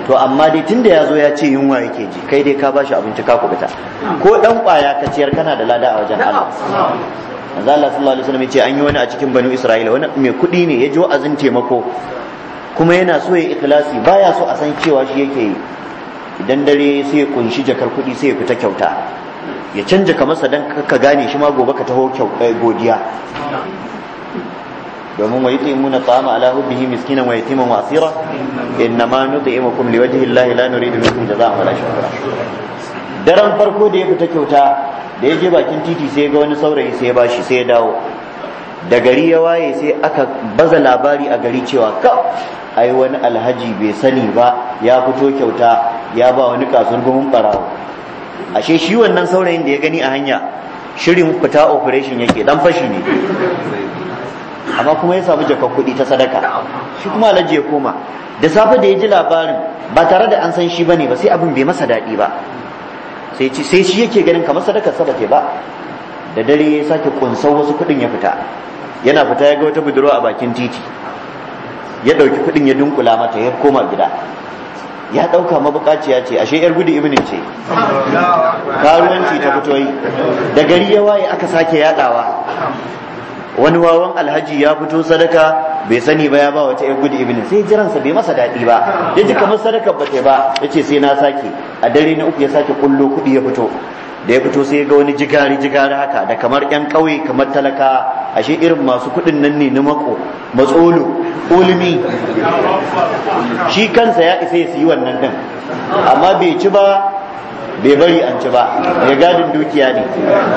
to amma dai tunda ya zo ya ce yunwa yake ji kai dai ka ba shi abinci ka kubuta ko dan kwaya ka ciyar kana da lada a wajen Allah manzo Allah sallallahu alaihi wasallam yace an yi wani a cikin banu Isra'ila wani mai kuɗi ne ya ji wa'azin taimako kuma yana so ya ikhlasi baya so a san cewa shi yake yi idan dare sai ya kunshi jakar kuɗi sai ya fita kyauta ya canja sa dan ka gane shi ma gobe ka taho eh, godiya domin wa yutimuna ta'ama ala hubbihi miskinan wa yatiman wa asira innama nut'imukum liwajhi llahi la nuridu minkum jazaa'an wala shukura daren farko da ya fita kyauta da ya je bakin titi sai ga wani saurayi sai ya bashi sai ya dawo da gari ya waye sai aka baza labari a gari cewa ka ai wani alhaji bai sani ba ya fito kyauta ya ba wani kasuwar gumin barawo ashe shi wannan saurayin da ya gani a hanya shirin fita operation yake dan fashi ne amma kuma ya samu jakar kuɗi ta sadaka shi kuma alhaji ya koma da safe da ya ji labarin ba tare da an san shi bane ba sai abin bai masa daɗi ba sai sai shi yake ganin kamar sadakar sa bace ba da dare ya sake kunsar wasu kuɗin ya fita yana fita ya ga wata budurwa a bakin titi ya ɗauki kuɗin ya dunkula mata ya koma gida ya ɗauka mabukaciya ce ashe yar gudu ibnin ce karuwanci ta fito da gari ya waye aka sake yaɗawa wani wawan alhaji ya fito sadaka bai sani ba ya ba wata ya gudu ibini sai jiransa bai masa daɗi ba ya ji kamar sadaka ba ta ba ya ce sai na sake a dare na uku ya sake kullo kuɗi ya fito da ya fito sai ya ga wani jigari jigari haka da kamar yan ƙauye kamar talaka ashe irin masu kuɗin nan ne na mako matsolo ulumi shi kansa ya isa ya siyi wannan din amma bai ci ba bai bari an ci ba ya gadin dukiya ne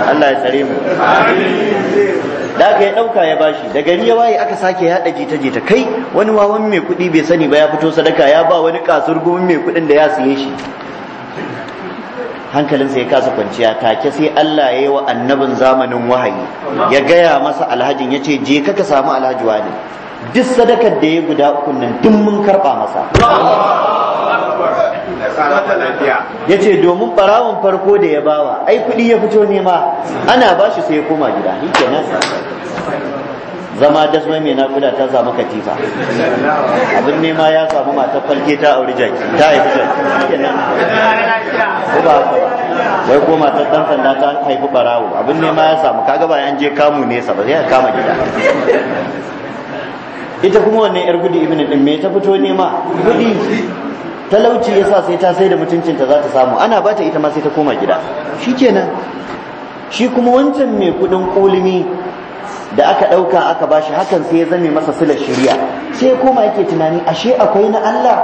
Allah ya tsare mu da aka ya ɗauka ya bashi da gari ya waye aka sake yaɗa jita jita kai wani wawan mai kuɗi bai sani ba ya fito sadaka ya ba wani kasur gumin mai kuɗin da ya siye shi hankalinsa ya kasa kwanciya take sai Allah ya yi wa annabin zamanin wahayi ya gaya masa alhajin ya ce je ka samu alhaji wani duk sadakar da ya guda ukun nan duk mun karɓa masa ya ce domin barawon farko da ya bawa ai kuɗi ya fito nema ana ba shi sai ya koma gida ke kenan zama dasma mai nakuda ta samu katifa abin nema ya samu matar falke ta auri jaki ta haifi jaki ko ba wai ko matar dan sanda ta haifi barawo abin nema ya samu kaga ba an je kamu nesa ba sai ya kama gida ita kuma wannan yar gudu ibn din me ta fito nema gudu talauci yasa sai ta sai da mutuncinta za ta samu ana bata ita ma sai ta koma gida shikenan shi kuma wancan mai kudin kulimi da aka ɗauka aka bashi hakan sai ya zame masa silar shari'a sai koma yake tunani ashe akwai na Allah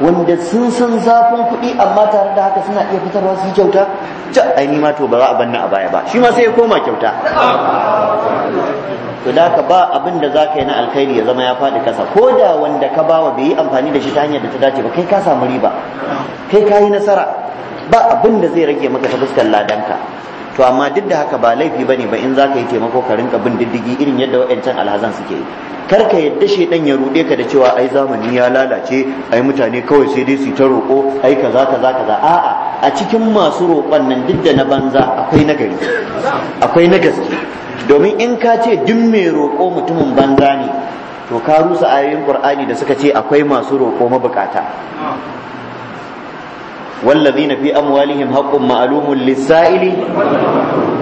wanda sun san zafin kuɗi amma tare da haka suna iya fitarwa su kyauta ja ai ma to ba za a banna a baya ba shi ma sai ya koma kyauta to da ka ba abin da za ka yi na alkhairi ya zama ya faɗi ƙasa, ko da wanda ka ba wa bai yi amfani da shi ta hanyar da ta dace ba kai ka samu riba kai ka yi nasara ba abin da zai rage maka ta fuskar ladanka to amma duk da haka ba laifi bane ba in zaka yi taimako ka rinka bin diddigi irin yadda wayancan alhazan suke yi kar ka yadda shedan ya rude ka da cewa ai zamani ya lalace ai mutane kawai sai dai su ta roko ai kaza kaza kaza a'a a cikin masu roƙon nan duk da na banza akwai nagari akwai na gaske domin in ka ce duk mai roƙo mutumin banza ne to ka rusa ayoyin qur'ani da suka ce akwai masu roƙo mabukata na fi amwalihin haqqun ma'lumun lis-sa'ili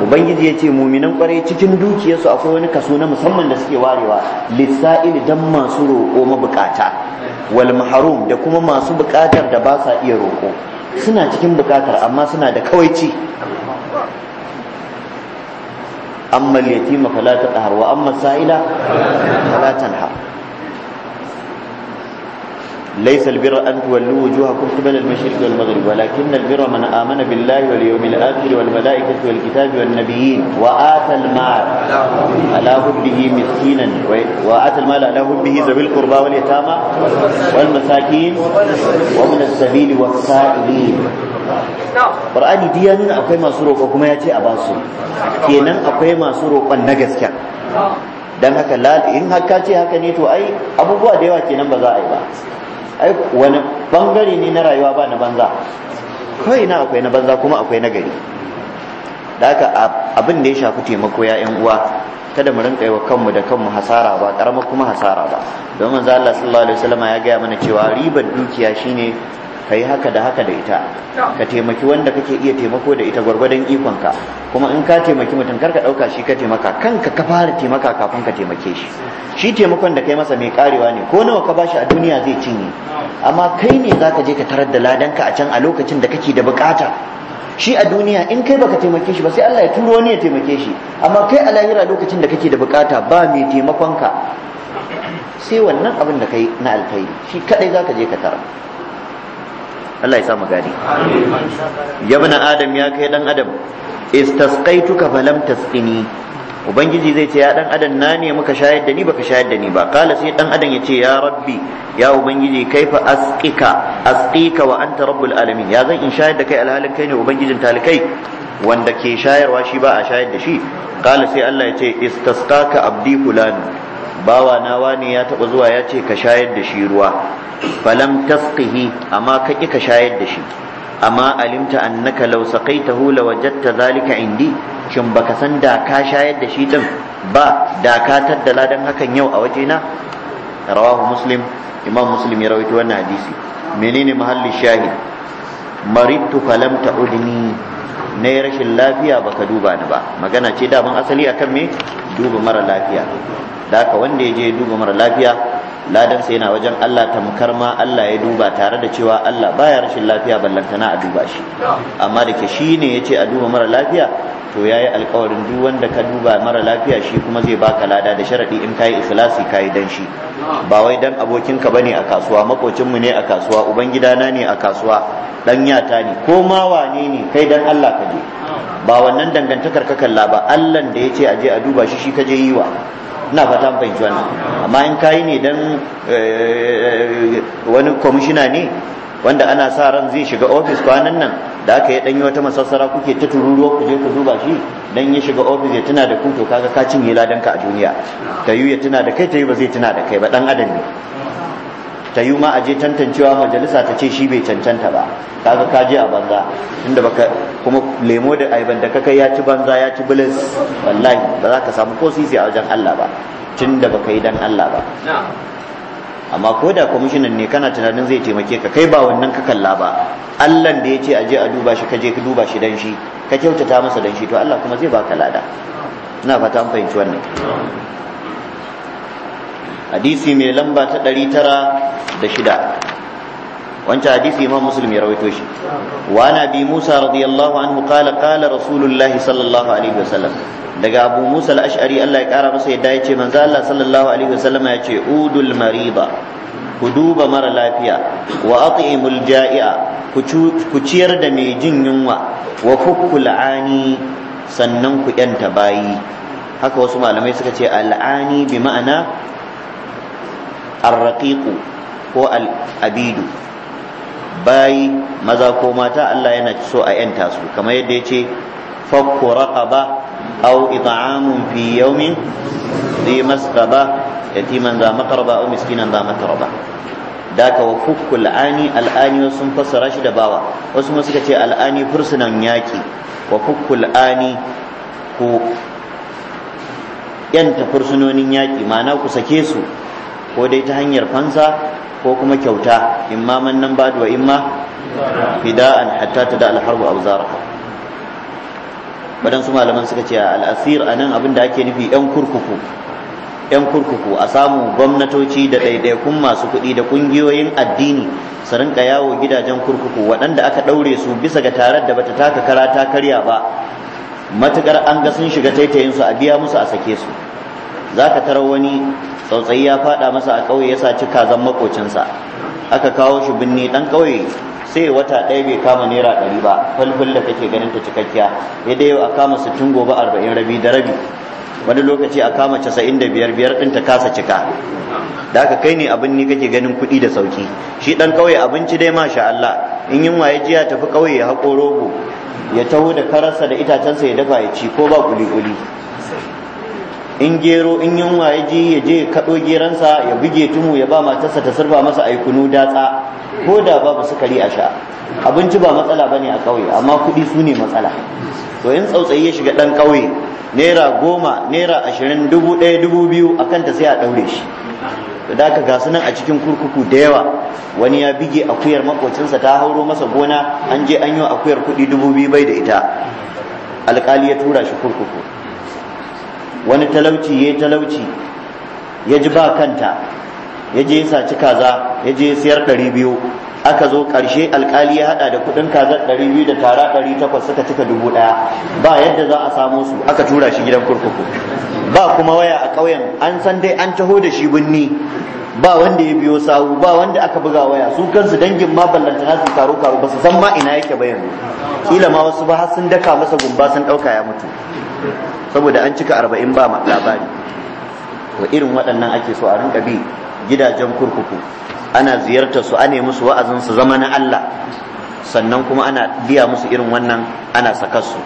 ubangiji yace muminan ƙwarai cikin dukiyarsu akwai wani kaso na musamman da suke warewa lis dan masu roƙo mabukata wal mahrum da kuma masu bukatar da ba sa iya roƙo suna cikin bukatar amma suna da kawaici amma al-yatima fala taqhar wa amma saila fala tanhar ليس البر أن تولوا وجوهكم قبل المشرق والمغرب ولكن البر من آمن بالله واليوم الآخر والملائكة والكتاب والنبيين وآتى المال على حبه مسكينا وآتى المال على حبه ذوي القربى واليتامى والمساكين ومن السبيل والسائلين Qur'ani duk ya nuna akwai masu roƙo kuma ya ce a ba su kenan akwai masu roƙon na gaskiya dan haka in haka ce haka ne to ai abubuwa da yawa kenan ba za a yi ba ai wani bangare ne na rayuwa ba na banza kawai na akwai na banza kuma akwai na gari da haka abin da ya shafi taimako ya yan uwa kada mu rinka yi wa kanmu da kanmu hasara ba karamar kuma hasara ba don manzo Allah sallallahu alaihi wasallam ya gaya mana cewa ribar dukiya shine ka yi haka da haka da ita ka taimaki wanda kake iya taimako da ita gwargwadon ikonka kuma in ka taimaki mutum kar ka ɗauka shi ka taimaka kanka ka fara taimaka kafin ka taimake shi shi taimakon da kai masa mai karewa ne ko nawa ka bashi a duniya zai cinye amma kai ne za ka je ka tarar da ladanka a can a lokacin da kake da bukata shi a duniya in kai baka taimake shi ba sai Allah ya turo wani ya taimake shi amma kai a lahira lokacin da kake da bukata ba mai taimakon ka? sai wannan abin da kai na alkhairi shi kadai zaka je ka tara Allah ya sa mu gane ya adam ya kai dan adam istasqaituka falam tasqini ubangiji zai ce ya dan adam na ne muka shayar da ni baka shayar da ni ba kala sai dan adam ya ce ya rabbi ya ubangiji kaifa asqika asqika wa anta rabbul alamin ya zan in shayar da kai alhalin kai ne ubangijin talikai wanda ke shayarwa shi ba a shayar da shi kala sai Allah ya ce istasqaka abdi fulanu bawa nawa ne ya taɓa zuwa ya ce ka shayar da shi ruwa falam tasqihi amma ka ƙi ka shayar da shi amma alimta annaka law saqaitahu lawajadta zalika indi shin baka san da ka shayar da shi din ba da ka taddala dan hakan yau a na? rawahu muslim imam muslim ya rawaito wannan hadisi menene mahallin shahid maridtu falam ta'udni na rashin lafiya baka duba ni ba magana ce daman asali akan me duba mara lafiya da haka wanda ya je duba mara lafiya ladan sai yana wajen Allah tamkar ma Allah ya duba tare da cewa Allah baya rashin lafiya ballantana a duba shi amma da ke shi ne ya ce a duba mara lafiya to ya yi alkawarin duk wanda ka duba mara lafiya shi kuma zai baka lada da sharaɗi in ka yi ikhlasi ka yi danshi. ba wai dan abokinka bane a kasuwa makocinmu ne a kasuwa ubangidana ne a kasuwa dan yata ne ko ma wane ne kai dan Allah ka je ba wannan dangantakar ka kalla ba Allah da ya ce a je a duba shi shi ka je yi wa na fata mun fahimci wannan amma in kayi ne dan eh, wani kwamishina ne wanda ana sa ran zai shiga ofis kwanan nan da aka yi danyi wata masassara kuke ta tururuwa ku je ku zuba shi dan ya shiga ofis ya tuna da ku to kaga ka cinye ladanka a duniya ta yi ya tuna da kai ta yi ba zai tuna da kai ba dan adam ne ta yi ma a je tantancewa majalisa ta ce shi bai cancanta ba kaga ka je a banza inda baka kuma lemo da aiban da kai ya ci banza ya ci bilis wallahi ba za ka samu ko sisi a wajen Allah ba tun da baka yi dan Allah ba amma ko da kwamishinan ne kana tunanin zai taimake ka kai ba wannan ka kalla ba Allah da ya ce a je a duba shi ka je ka duba shi dan shi ka kyautata masa dan shi to Allah kuma zai baka lada ina fata an fahimci wannan hadisi mai lamba ta ɗari tara da shida wancan hadisi imam muslim ya rawaito shi wa ana bi musa radiyallahu anhu qala qala rasulullah sallallahu alaihi wasallam daga abu musa al-ash'ari Allah ya kara masa yadda ya ce manzo Allah sallallahu alaihi wasallam ya ce udul mariba ku duba mara lafiya wa at'imul ja'i'a ku ciyar da mai jin yunwa wa fukkul ani sannan ku yanta bayi haka wasu malamai suka ce al'ani bi ma'ana arraqiqu ko al'abidu bayi maza ko mata Allah yana so a yanta su kamar yadda ya ce fakku raqaba aw it'amun fi yawmin dhi masqaba yatiman za maqraba aw miskinan za matraba daka wa fukkul ani al'ani wasu sun fassara shi da bawa wasu ma suka ce al'ani fursunan yaki wa fukkul ani ko yanta fursunonin yaki ma'ana ku sake su ko dai ta hanyar fansa ko kuma kyauta imma mannan badu wa imma fida'an hatta tada a harbu badan su malaman suka ce al'asir a nan abin da ake nufi 'yan kurkuku ‘yan kurkuku a samu gwamnatoci da ɗaiɗaikun masu kuɗi da ƙungiyoyin addini su rinka yawo gidajen kurkuku waɗanda aka ɗaure su bisa ga tarar da bata taka kara ta karya ba matukar an ga sun shiga taitayinsu a biya musu a sake su za ka tarar wani tsautsayi ya faɗa masa a ƙauye ya ci kazan makocinsa aka kawo shi binne dan ƙauye sai wata ɗaya bai kama naira ɗari ba falfal da kake ganin ta cikakkiya ya dai yau a kama sittin gobe arba'in rabi da rabi wani lokaci a kama casa'in da biyar biyar ɗin ta kasa cika da aka kai ne abin ni kake ganin kuɗi da sauki shi ɗan ƙauye abinci dai masha Allah in yunwa ya jiya tafi ƙauye ya haƙo rogo ya taho da kararsa da itacensa ya dafa ya ci ko ba ƙuli ƙuli? in gero in yunwa ya je ya je kaɗo geransa ya buge tumu ya ba matarsa ta sirba masa aikunu datsa ko da babu sukari a sha abinci ba matsala ba ne a ƙauye amma kuɗi su ne matsala to in tsautsayi ya shiga ɗan ƙauye naira goma naira ashirin dubu ɗaya dubu biyu a kanta sai a ɗaure shi da ka gasu nan a cikin kurkuku da yawa wani ya bige akuyar makocinsa ta hauro masa gona an je an yi akuyar kuɗi dubu biyu bai da ita alƙali ya tura shi kurkuku wani talauci ya yi talauci ya ji ba kanta ya je ya saci kaza ya je ya siyar ɗari biyu aka zo ƙarshe alkali ya haɗa da kuɗin kazar ɗari biyu da tara ɗari takwas suka cika dubu ɗaya ba yadda za a samo su aka tura shi gidan kurkuku ba kuma waya a ƙauyen an san dai an taho da shi binni ba wanda ya biyo sawu ba wanda aka buga waya su kansu dangin ma na su karo karo ba su san ma ina yake bayan kila ma wasu ba har sun daka masa gumba sun ɗauka ya mutu saboda an cika arba'in ba labari to irin waɗannan ake so a rinka bi gidajen kurkuku ana ziyartar su ana musu wa'azin su zama na Allah sannan kuma ana biya musu irin wannan ana sakar su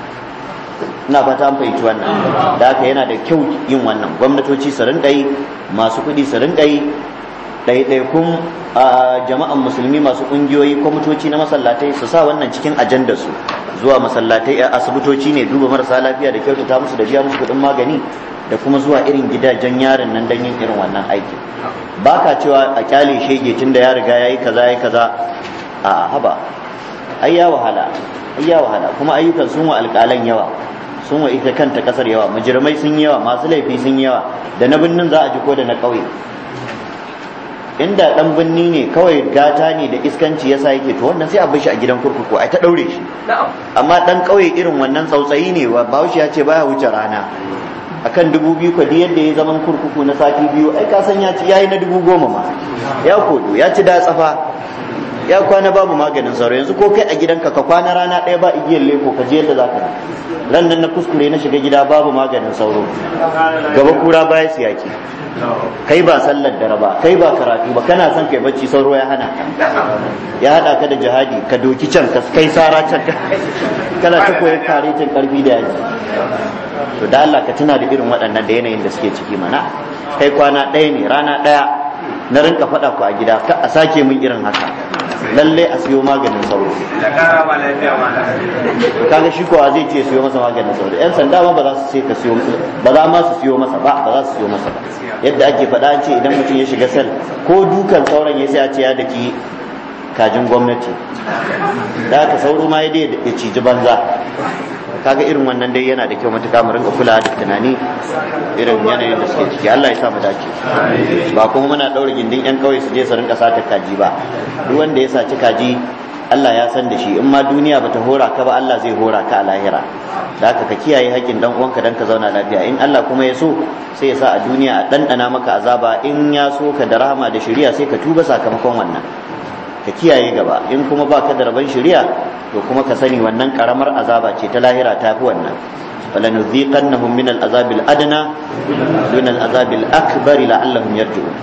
ina fata an fahimci wannan da haka yana da kyau yin wannan gwamnatoci su rinka yi masu kuɗi su rinka yi ɗaiɗaikun jama'an musulmi masu ƙungiyoyi kwamitoci na masallatai su sa wannan cikin ajandar su zuwa masallatai a asibitoci ne duba marasa lafiya da kyautata musu da biya musu kuɗin magani da kuma zuwa irin gidajen yaron nan don yin irin wannan aikin ba ka cewa a kyale shege tun da ya riga ya yi kaza ya kaza a haba ai ya wahala ai ya wahala kuma ayyukan sun wa alƙalan yawa sun wa ita kanta ƙasar yawa mujirmai sun yawa masu laifi sun yawa da na birnin za a ji ko da na ƙauye inda dan binni ne kawai gata ne da iskanci yasa yake to wannan sai a shi a gidan kurkuku ai ta daure shi amma dan kauye irin wannan tsautsayi ne wa bahaushe ya ce baya wuce rana akan dubu biyu kwadi yadda ya zaman kurkuku na sati biyu ai ka san ya ci yayi na dubu goma ma ya kodo ya ci da tsafa ya kwana babu maganin sauro yanzu ko kai a gidanka ka kwana rana ɗaya ba igiyar leko ka je yadda zaka ran nan na kuskure na shiga gida babu maganin sauro gaba kura baya siyaki kai ba sallar da raba kai ba karatu ba kana son kai bacci sauro ya hana ya hada ka da jihadi ka doki can ka kai sara can kana ta koyar kare can karfi da yaji to da Allah ka tuna da irin waɗannan da yanayin da suke ciki mana kai kwana ɗaya ne rana ɗaya na rinka faɗa ku a gida ka a sake min irin haka lallai a siyo maganin sauro kaga shi ko zai ce siyo masa maganin sauro yan sanda ma ba za su ce ka siyo ba za ma su siyo masa ba ba za su siyo masa ba yadda ake faɗa an ce idan mutum ya shiga sel ko dukan sauran ya sai a ce ya daki kajin gwamnati da ka sauro ma ya dai ya ciji banza kaga irin wannan dai yana da kyau matuka mu rinka kula da tunani irin yanayin da suke ciki Allah ya sa mu dace ba kuma muna daura gindin yan kauye su je su rinka sata kaji ba duk wanda ya saci kaji Allah ya san da shi in ma duniya bata hora ka ba Allah zai hora ka a lahira da haka ka kiyaye haƙƙin dan uwanka dan ka zauna lafiya in Allah kuma ya so sai ya sa a duniya a ɗanɗana maka azaba in ya so ka da rahama da shari'a sai ka tuba sakamakon wannan ka kiyaye gaba in kuma baka da rabon shari'a to kuma ka sani wannan karamar azaba ce ta lahira ta fi wannan falanudhiqannahum min al-azabil adna dun al-azabil akbari la'allahun yarji'un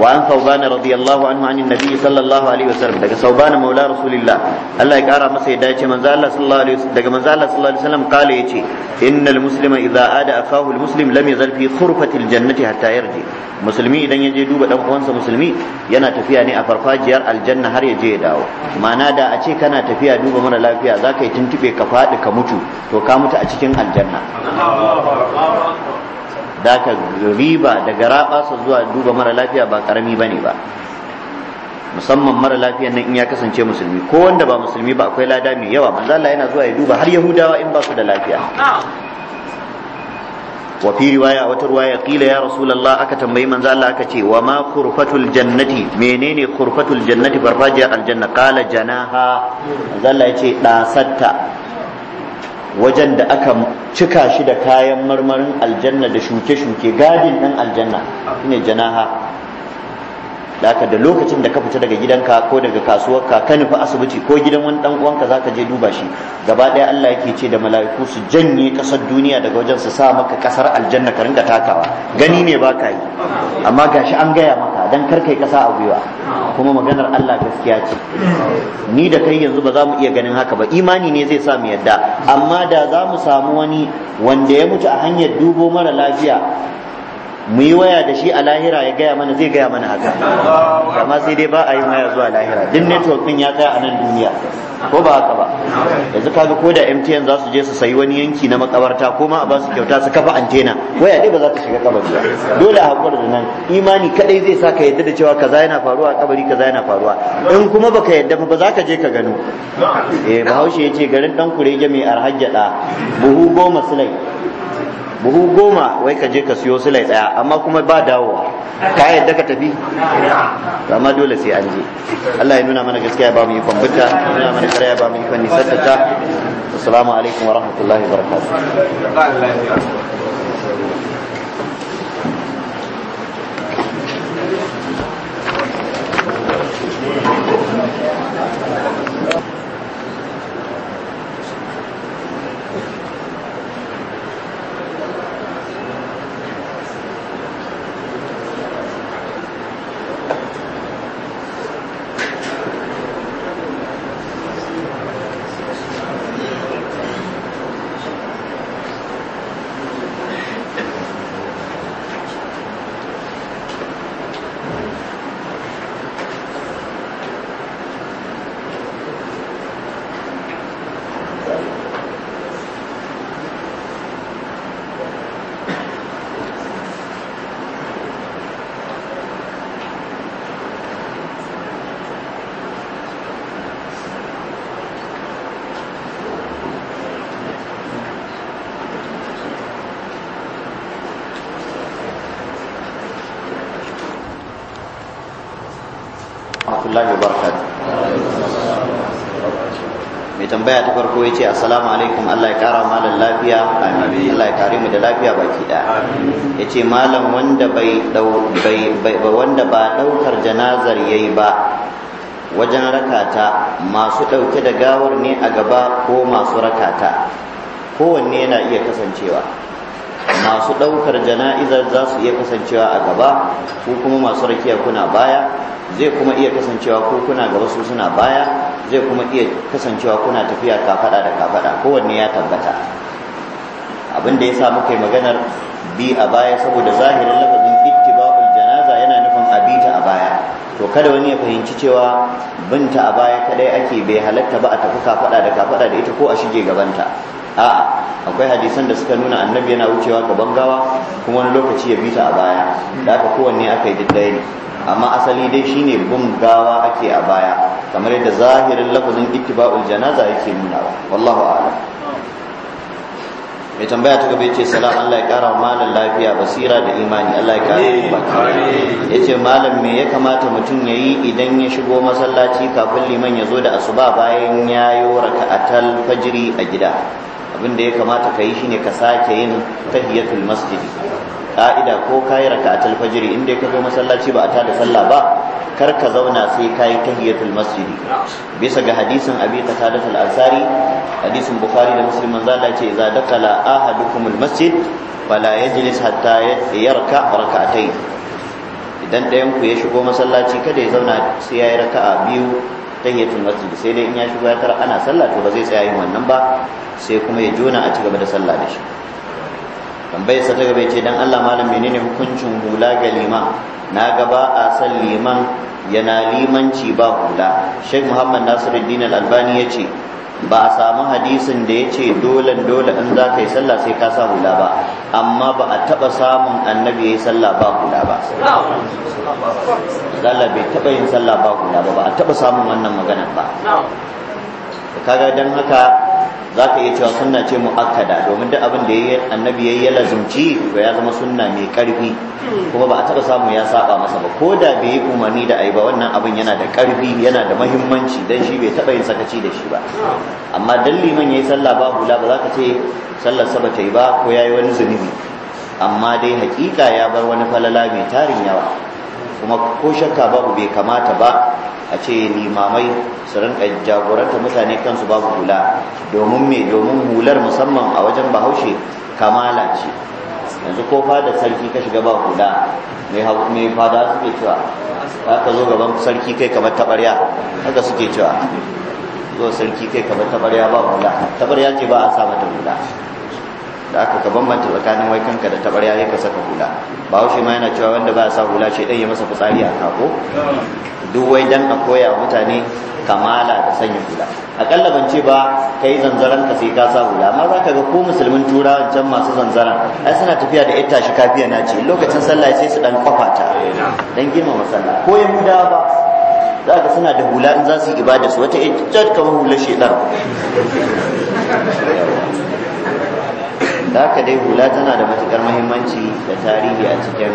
وعن ثوبان رضي الله عنه عن النبي صلى الله عليه وسلم دغ ثوبان مولى رسول الله الله يقرا مسا يدا يچه منزا الله صلى الله عليه وسلم دغ منزا الله صلى الله عليه وسلم قال يچه ان المسلم اذا عاد اخاه المسلم لم يزل في خرفه الجنه حتى يرجع مسلمي idan yaje duba dan uwansa musulmi yana tafiya ne a farfajiyar aljanna har yaje ya dawo ma'ana da a ce kana tafiya duba mara lafiya zaka yi tuntube ka faɗi ka mutu to ka mutu a cikin aljanna da ka riba daga raba su zuwa duba mara lafiya ba karami ne ba musamman mara lafiyan nan in ya kasance musulmi ko wanda ba musulmi ba akwai lada mai yawa manzo yana zuwa ya duba har yahudawa in ba su da lafiya wa fi riwaya wata riwaya qila ya rasulullah aka tambayi manzo Allah aka ce wa ma khurfatul jannati menene khurfatul jannati barraja aljanna qala janaha manzo Allah ya ce dasatta wajen da aka cika shi da kayan marmarin aljanna da shuke-shuke gadin ɗin aljanna shine janaha da haka da lokacin da ka fita daga gidanka ko daga kasuwar ka ka nufi asibiti ko gidan wani dan uwanka zaka je duba shi gaba ɗaya Allah yake ce da mala'iku su janye kasar duniya daga wajen su sa maka kasar aljanna ka ringa takawa gani ne ba ka yi amma gashi an gaya maka dan kar kai kasa a gwiwa kuma maganar Allah gaskiya ce ni da kai yanzu ba za mu iya ganin haka ba imani ne zai sa mu yadda amma da za mu samu wani wanda ya mutu a hanyar dubo mara lafiya mu yi waya da shi a lahira ya gaya mana zai gaya mana haka amma sai dai ba a yi waya zuwa lahira duk network din ya tsaya a nan duniya ko ba haka ba yanzu kaga ko da MTN za su je su sayi wani yanki na makabarta ko ma a ba su kyauta su kafa antena waya dai ba za ta shiga kabari ba dole a hakura da nan imani kadai zai sa ka yadda da cewa kaza yana faruwa a kabari kaza yana faruwa in kuma baka yadda ba za ka je ka gano eh bahaushe ya ce garin dan kurege mai arhajjada buhu goma sulai buhu goma wai ka je ka siyo silai daya amma kuma ba dawowa ka yadda ka tafi amma dole sai an je Allah ya nuna mana gaskiya ba mu yi kwambuta ya nuna mana karya ba mu yi kwanni sattata assalamu alaikum wa rahmatullahi wa barakatuh mai tambaya ta farko ya ce assalamu alaikum Allah ya kara malam lafiya Allah ya kare mu da lafiya baki daya ya ce malam wanda bai wanda ba daukar janazar yayi ba wajen rakata masu dauke da gawar ne a gaba ko masu rakata kowanne yana iya kasancewa masu daukar jana'izar za su iya kasancewa a gaba ko kuma masu rakiya kuna baya zai kuma iya kasancewa ko kuna gaba su suna baya zai kuma iya kasancewa kuna tafiya kafada da kafada kowanne ya tabbata abin da ya sa muka yi maganar bi a baya saboda zahirin lafazin ittiba'ul janaza yana nufin abita a baya to kada wani ya fahimci cewa binta a baya kadai ake bai halatta ba a tafi kafada da kafada da ita ko a shige gabanta a'a akwai hadisan da suka nuna annabi yana wucewa gaban gawa kuma wani lokaci ya bita a baya da aka kowanne aka yi diddai ne amma asali dai shine bin gawa ake a baya kamar yadda zahirin lafazin ittiba'ul janaza yake nuna wallahu a'lam mai tambaya ta gaba yace salam Allah ya kara wa malam lafiya basira da imani Allah ya kara mu baki yace malam mai ya kamata mutum yayi idan ya shigo masallaci kafin liman ya zo da asuba bayan ya yo raka'atal fajri a gida abinda ya kamata ka yi shine ka sake yin tahiyatul masjid ka'ida ko kai raka'atal fajri inda ka zo masallaci ba a tada sallah ba kar ka zauna sai ka yi tahiyatul masjidi bisa ga hadisin abi qatadah al-ansari hadisin bukhari da muslim manza Allah ce idza dakala ahadukum al-masjid fala yajlis hatta yarka rak'atayn idan ɗayan ku ya shigo masallaci kada ya zauna sai ya yi raka'a biyu tahiyatul masjid sai dai in ya shigo ya tara ana sallah to ba zai tsaya yin wannan ba sai kuma ya jona a cigaba da sallah da shi tambayar sa ta gaba ce dan Allah malam menene hukuncin hula ga liman na gaba a san liman yana limanci ba hula Sheikh Muhammad Nasiruddin Al-Albani yace ba a samu hadisin da yace ce dole in za ka yi sallah sai ka sa hula ba amma ba a taɓa samun annabi ya sallah ba hula ba Allah bai taba yin sallah ba hula ba ba a taba samun wannan magana ba kaga dan haka za ka iya cewa sunna ce mu'akkada domin duk abin da ya annabi ya yi lazumci to ya zama sunna mai karfi kuma ba a taɓa samu ya saba masa ba ko da bai yi umarni da ai ba wannan abin yana da karfi yana da mahimmanci dan shi bai taɓa yin sakaci da shi ba amma dan liman ya yi sallah ba hula ba za ka ce sallar sa ta yi ba ko ya yi wani zunubi amma dai hakika ya bar wani falala mai tarin yawa kuma ko shakka babu bai kamata ba a ce limamai su rinka jagoranta mutane kansu babu hula domin me domin hular musamman a wajen bahaushe kamala ce yanzu ko fada sarki ka shiga ba hula mai fada suke cewa ka zo gaban sarki kai kamar tabarya haka suke cewa zo sarki kai kamar tabarya ba hula tabarya ce ba a sa mata hula da aka ka bambanta tsakanin wai kanka da tabar yayi ka saka hula ba shi ma yana cewa wanda ba sa hula shi dan ya masa fitsari a kako duk wai dan a koya mutane kamala da sanya hula akalla ban ce ba kai zanzaran ka sai ka sa hula amma zaka ga ko musulmin turawan can masu zanzaran ai suna tafiya da ita shi kafiya na ce lokacin sallah sai su dan kwafa ta dan girma masalla ko yahuda ba zaka suna da hula in za su yi ibada su wata ita kamar hular shedar da haka dai hula tana da matukar mahimmanci da tarihi a cikin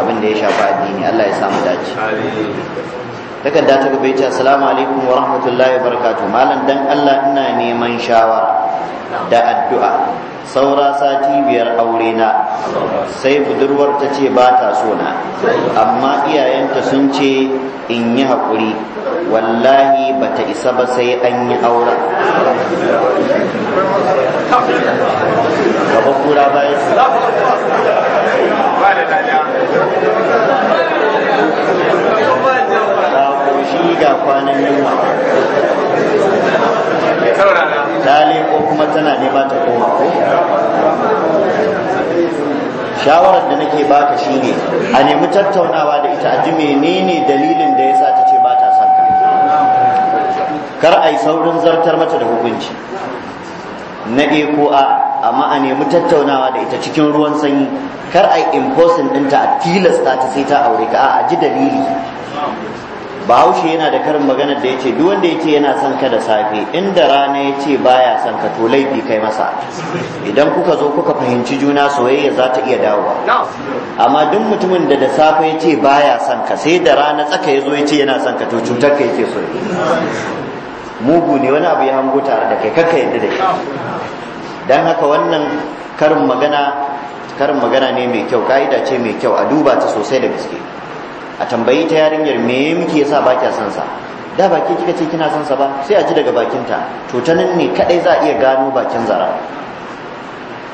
abin da ya shafi addini Allah ya samu dace takarda ta gaba ce assalamu alaikum wa rahmatullahi wa malam dan Allah ina neman shawara da addu'a saura sati biyar aure na sai budurwar ta ce ba ta so na amma iyayenta sun ce in yi haƙuri wallahi ba ta isa ba sai an yi aure gaba kura bayan ga kwanan yunwa ko kuma tana ba ta koma ko shawarar da nake baka shine a nemi tattaunawa da ita a ji menene dalilin da yasa ta ce ba ta son ka kar a yi saurin zartar mata da hukunci na ɗaya ko a amma a nemi tattaunawa da ita cikin ruwan sanyi kar a yi imposin ɗinta a tilasta ta sai ta aure ka a ji dalili bahaushe yana da karin magana da ya ce duk wanda ya ce yana son ka da safe inda rana ya ce baya son ka to laifi kai masa idan kuka zo kuka fahimci juna soyayya za ta iya dawowa amma duk mutumin da da safe ya ce baya son ka sai da rana tsaka ya zo ya ce yana son ka to cutar ka yake so mugu ne wani abu ya hango tare da kai kakka yadda da shi dan haka wannan karin magana karin magana ne mai kyau ka'ida ce mai kyau a duba ta sosai da gaske a tambayi ta yarinyar me muke yasa ba kya son sa da baki kika ce kina son sa ba sai a ji daga bakin ta. to ta nan ne kadai za a iya gano bakin zara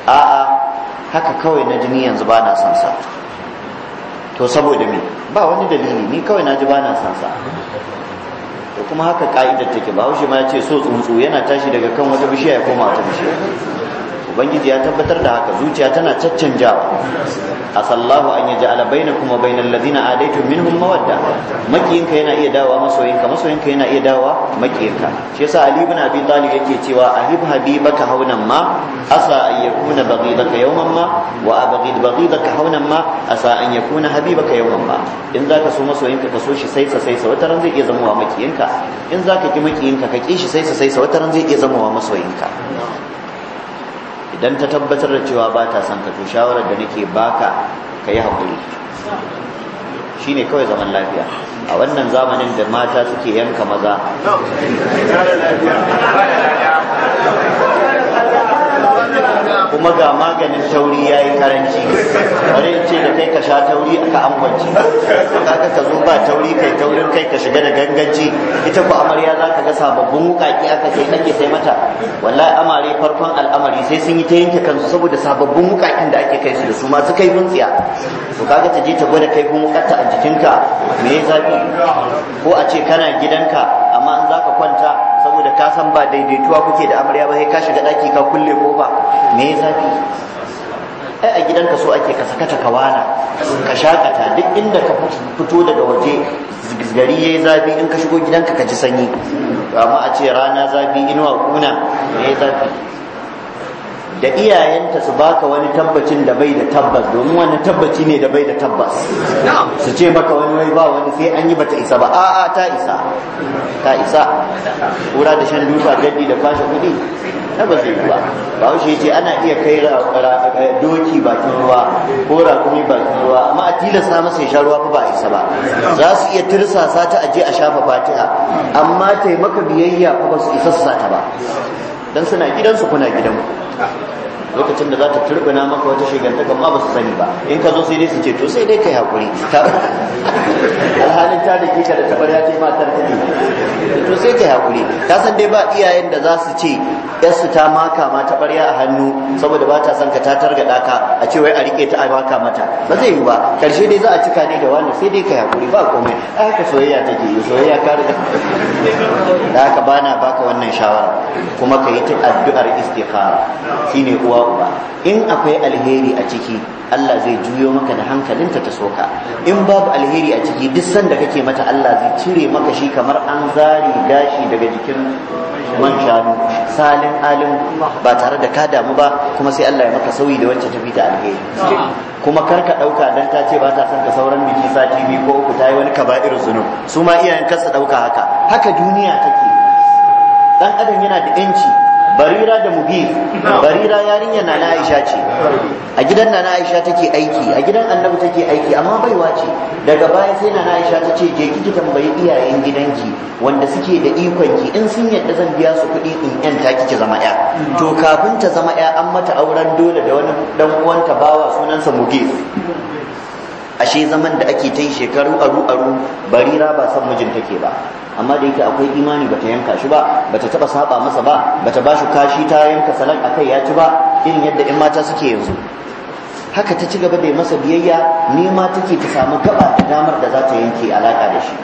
a'a haka kawai na jini yanzu ba na son sa to saboda me ba wani dalili ni kawai na ji ba na son sa to kuma haka ka'idar take ba haushe ma ya ce so tsuntsu yana tashi daga kan wata bishiya ya koma wata bishiya ubangiji ya tabbatar da haka zuciya tana caccanjawa asallahu an yaj'ala bainakum wa bainal ladina adaitu minhum mawadda makiyinka yana iya dawa masoyinka masoyinka yana iya dawa makiyinka shi yasa ali ibn abi talib yake cewa ahib habibaka haunan ma asa an yakuna baghidaka yawman ma wa abghid baghidaka haunan ma asa an yakuna habibaka yawman ma in zaka so masoyinka ka so shi sai sa sai sa wata ran zai iya zama wa makiyinka in zaka ki makiyinka ka ki shi sai sa sai sa wata ran zai iya zama wa masoyinka idan ta tabbatar da cewa ba ta son ka to shawarar da nake baka ka yi haƙuri ne kawai zaman lafiya a wannan zamanin da mata suke yanka maza [LAUGHS] kuma ga maganin tauri ya yi karanci bari in ce da kai ka sha tauri aka angwanci kaga ka zo ba tauri kai taurin kai ka shiga da ganganci ita ku amarya za ka ga sababbin wukaki aka sai ake sai mata wallahi amare farkon al'amari sai sun yi ta yanke kansu saboda sababbin wukakin da ake kai su da su masu kaifin tsiya to kaga ta je ta gwada kaifin wukarta a jikinka me ya zafi ko a ce kana gidanka amma in za ka kwanta saboda ka san ba daidaituwa kuke da amarya ba sai ka shiga daki ka kulle kofa me ya zafi ai a gidanka so ake ka sakata ka wana ka shakata duk inda ka fito daga waje gari yayi zafi in ka shigo gidanka ka ji sanyi amma a ce rana zafi inuwa kuna me ya zafi da iyayenta su baka wani tabbacin da bai da tabbas domin wani tabbaci ne da bai da tabbas su ce maka wani wai ba wani sai an yi bata isa ba a'a ta isa ta isa kura da shan duka gaddi da kwashe kuɗi na ba zai ba ba wuce ce ana iya kai doki bakin ruwa ko rakumi bakin ruwa amma a tilasta masa ya sha ruwa fa ba isa ba za su iya tirsasa ta aje a shafa fatiha amma taimaka biyayya ba su isa sa ta ba dan suna gidansu kuna gidanku lokacin da za ta turbina maka wata shiganta ma ba su sani ba in ka zo sai dai su ce to sai dai kai hakuri alhalin ta da kika da tabar ya ce ma tarkati to sai kai hakuri ta san dai ba iyayen da za su ce yarsu ta maka ma ya a hannu saboda ba ta son ka ta targa ka a ce wai a rike ta a maka mata ba zai yi ba karshe dai za a cika ne da wani sai dai kai hakuri ba komai ai haka soyayya ta ke soyayya ka riga da haka bana baka wannan shawara kuma ka yi ta addu'ar istikhara shine uwa babu ba in akwai alheri a ciki Allah zai juyo maka da hankalinta ta soka in babu alheri a ciki duk sanda kake mata Allah zai cire maka shi kamar an zari gashi daga jikin man shanu salin alim ba tare da ka damu ba kuma sai Allah ya maka sauyi da wacce tafi ta alheri kuma kar ka dauka dan ta ce ba ta son ka sauran biki sati biyu ko uku ta yi wani kaba'ir zunub su ma iyayen kasa dauka haka haka duniya take dan adam yana da yanci barira da mugir barira yarinya na na aisha ce a gidan na aisha take aiki a gidan annabi take aiki amma baiwa ce daga baya sai na aisha ta ce je kiki tambayi iyayen gidanki wanda suke da ikon ki in sun yadda zan biya su kuɗi in yan ta kike zama ya to kafin ta zama ya an mata auren dole da wani dan uwanta bawa sunansa mugir ashe zaman da ake ta yi shekaru aru aru barira ba san mijin take ba amma da yake akwai imani bata yanka shi ba bata taba saba masa ba bata ba shi kashi ta yanka salak akai ya ci ba irin yadda in mata suke yanzu haka ta ci gaba da masa biyayya nema take ta samu gaba da damar da za ta yanke alaka da shi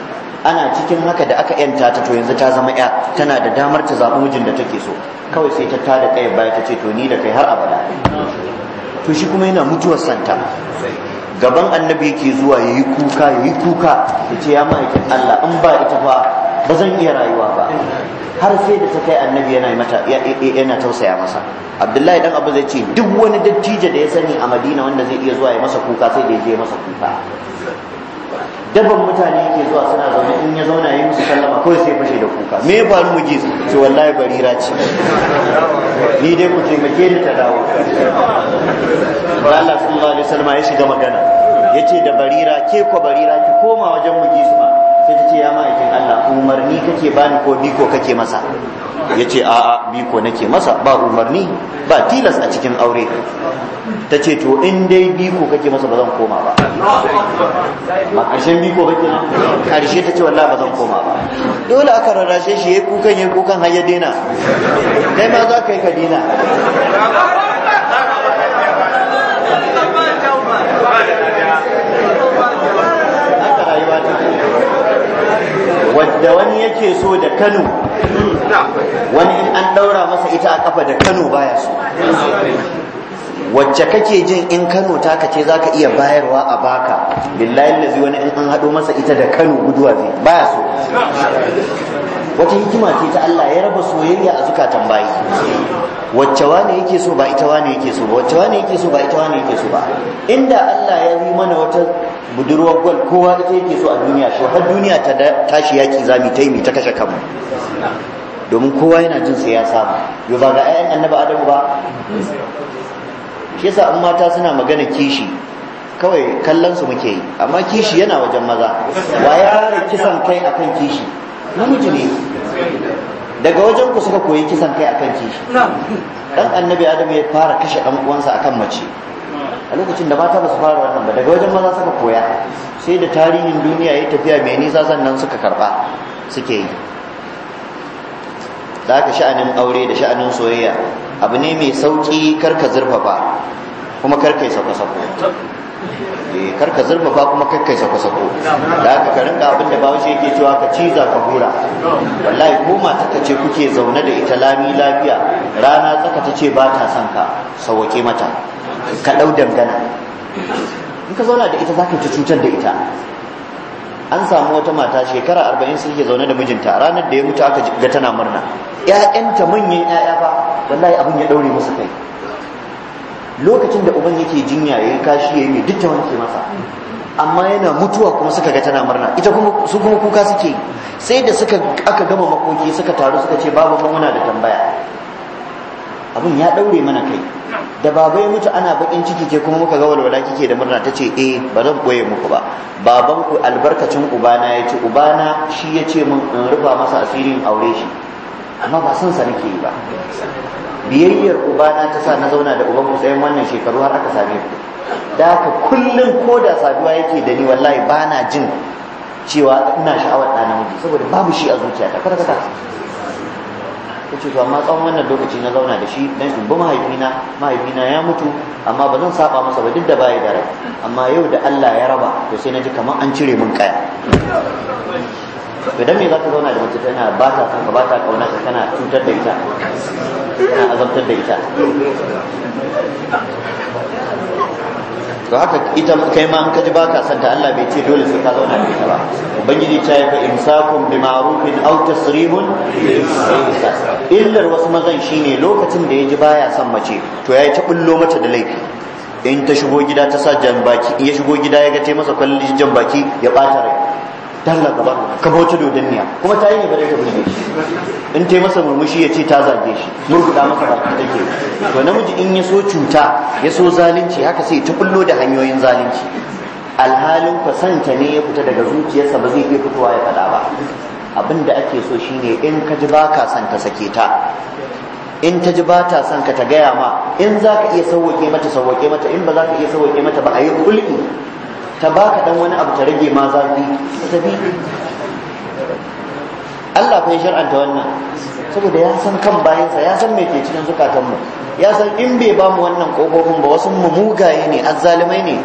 ana cikin haka da aka yanta ta to yanzu ta zama ya tana da damar ta zaɓi mijin da take so kawai sai ta tada kai baya ta ce to ni da kai har abada to shi kuma yana mutuwar santa gaban annabi yake zuwa ya yi kuka ya yi kuka ya ce ya ma'aikin Allah in ba ita fa ba zan iya rayuwa ba har sai da ta kai annabi yana mata yana tausaya masa abdullahi dan abu zai ce duk wani dattijo da ya sani a madina wanda zai iya zuwa ya masa kuka sai da ya je masa kuka dabban mutane yake zuwa suna zaune in ya zauna yi musu sallama ko sai fashe da kuka me ya faru muji ce wallahi barira ce ni dai ku taimake ni ta dawo Allah sallallahu alaihi wasallam ya shiga magana yace da barira ke ko barira ki koma wajen muji su ma sai ta ce ya ma'aikin Allah umarni kake bani ko biko kake masa ya ce a'a biko nake masa ba umarni ba tilas a cikin aure ta ce to in dai biko kake masa ba zan koma ba ba ƙarshen biko kake ƙarshe ta ce wallah ba zan koma ba dole aka rarrashe shi ya kukan ya kukan har ya dena kai ma za ka yi ka dena wadda wani yake so da kano wani in an daura masa ita a kafa da kano baya so wacce kake jin in kano kace za zaka iya bayarwa a baka lillahi lazi wani in an haɗo masa ita da kano guduwa zai baya so wata hikima ce ta Allah ya raba soyayya a zukatan bayi wacce wani yake so ba ita wani yake so ba wacce wani yake so ba ita wani yake so ba inda Allah ya yi mana wata budurwar gwal kowa ita yake so a duniya shi har duniya ta tashi yaki zami ta yi ta kashe kanmu domin kowa yana jin sai ya samu yau ba ga 'ya'yan annaba adamu ba shi yasa mata suna magana kishi kawai kallon su muke yi amma kishi yana wajen maza wa ya kisan kai akan kishi namiji ne daga wajen ku suka koyi kisan kai akan kishi dan annabi adamu ya fara kashe ɗan uwansa akan mace a lokacin da mata ba su fara wannan ba daga wajen maza suka koya sai da tarihin duniya ya tafiya mai nisa sannan suka karba suke yi da ka sha'anin aure da sha'anin soyayya abu ne mai sauki karka zurfafa kuma karka yi sako-sako eh, karka zurfafa kuma kakkai sako-sako da aka karinka abin da bawashi yake cewa ka ciza ka hura wallahi ko mata ta ce kuke zaune da ita lami lafiya rana tsaka ta ce ba ta son ka sauwake mata ka ɗau dangana in ka zauna da ita za ka ta cutar da ita an samu wata mata shekara arba'in su ke zaune da mijinta ranar da ya mutu aka ga tana murna ‘ya'yanta manyan ‘ya'ya ba wallahi abin ya ɗaure musu kai lokacin da uban yake jinya ya kashi ya yi duk ta wanke masa amma yana mutuwa kuma suka ga tana murna ita kuma su kuma kuka suke sai da suka aka gama makoki suka taru suka ce babu muna da tambaya abin ya daure mana kai da baba ya mutu ana bakin ciki ke kuma muka ga walwala kike da murna tace eh ba zan koye muku ba baban ku albarkacin ubana yace ubana shi yace mun in rufa masa asirin aure shi amma ba san sa nake yi ba biyayyar ubana ta sa na zauna da uban ku tsayin wannan shekaru har aka same ku da haka kullum ko da saduwa yake da ni wallahi ba na jin cewa ina sha'awar ɗa namiji saboda babu shi a zuciyata kada kada ta ce to amma tsawon wannan lokaci na zauna da shi dan in bi mahaifina mahaifina ya mutu amma ba zan saba masa ba duk da baya da rai amma yau da Allah ya raba to sai na ji kamar an cire min kaya to dan me za ka zauna da mace tana ba ta kanka ba ta kauna ka kana cutar da ita kana azabtar da ita to haka ita kai ma an ka ji ka santa Allah bai ce dole sai ka zauna da ita ba ubangiji ta yi fa insakum bi ma'rufin aw tasrihun illar wasu mazan shine lokacin da ya ji baya son mace to yayi ta bullo mata da laifi in ta shigo gida ta sa jambaki in ya shigo gida ya ga ta masa jan baki ya bata rai ta Allah ka ka bauta dodon niya kuma ta yi ne bare ta burge shi in ta yi masa murmushi ya ce ta zage shi murguda masa ba ta take to namiji in ya so cuta ya so zalunci haka sai ta kullo da hanyoyin zalunci alhalin fasanta ne ya fita daga zuciyarsa ba zai iya fitowa ya faɗa ba abin da ake so shine in ka ji baka son ka sake ta in ta ji ba son ka ta gaya ma in za ka iya sauwake mata sauwake mata in ba za ka iya sauwake mata ba a yi kulki ta ka dan wani abu ta rage ma zafi ta bi Allah fa shar'anta wannan saboda ya san kan bayansa ya san me ke cikin mu, ya san in bai ba mu wannan kofofin ba wasu mu mugaye ne azzalimai ne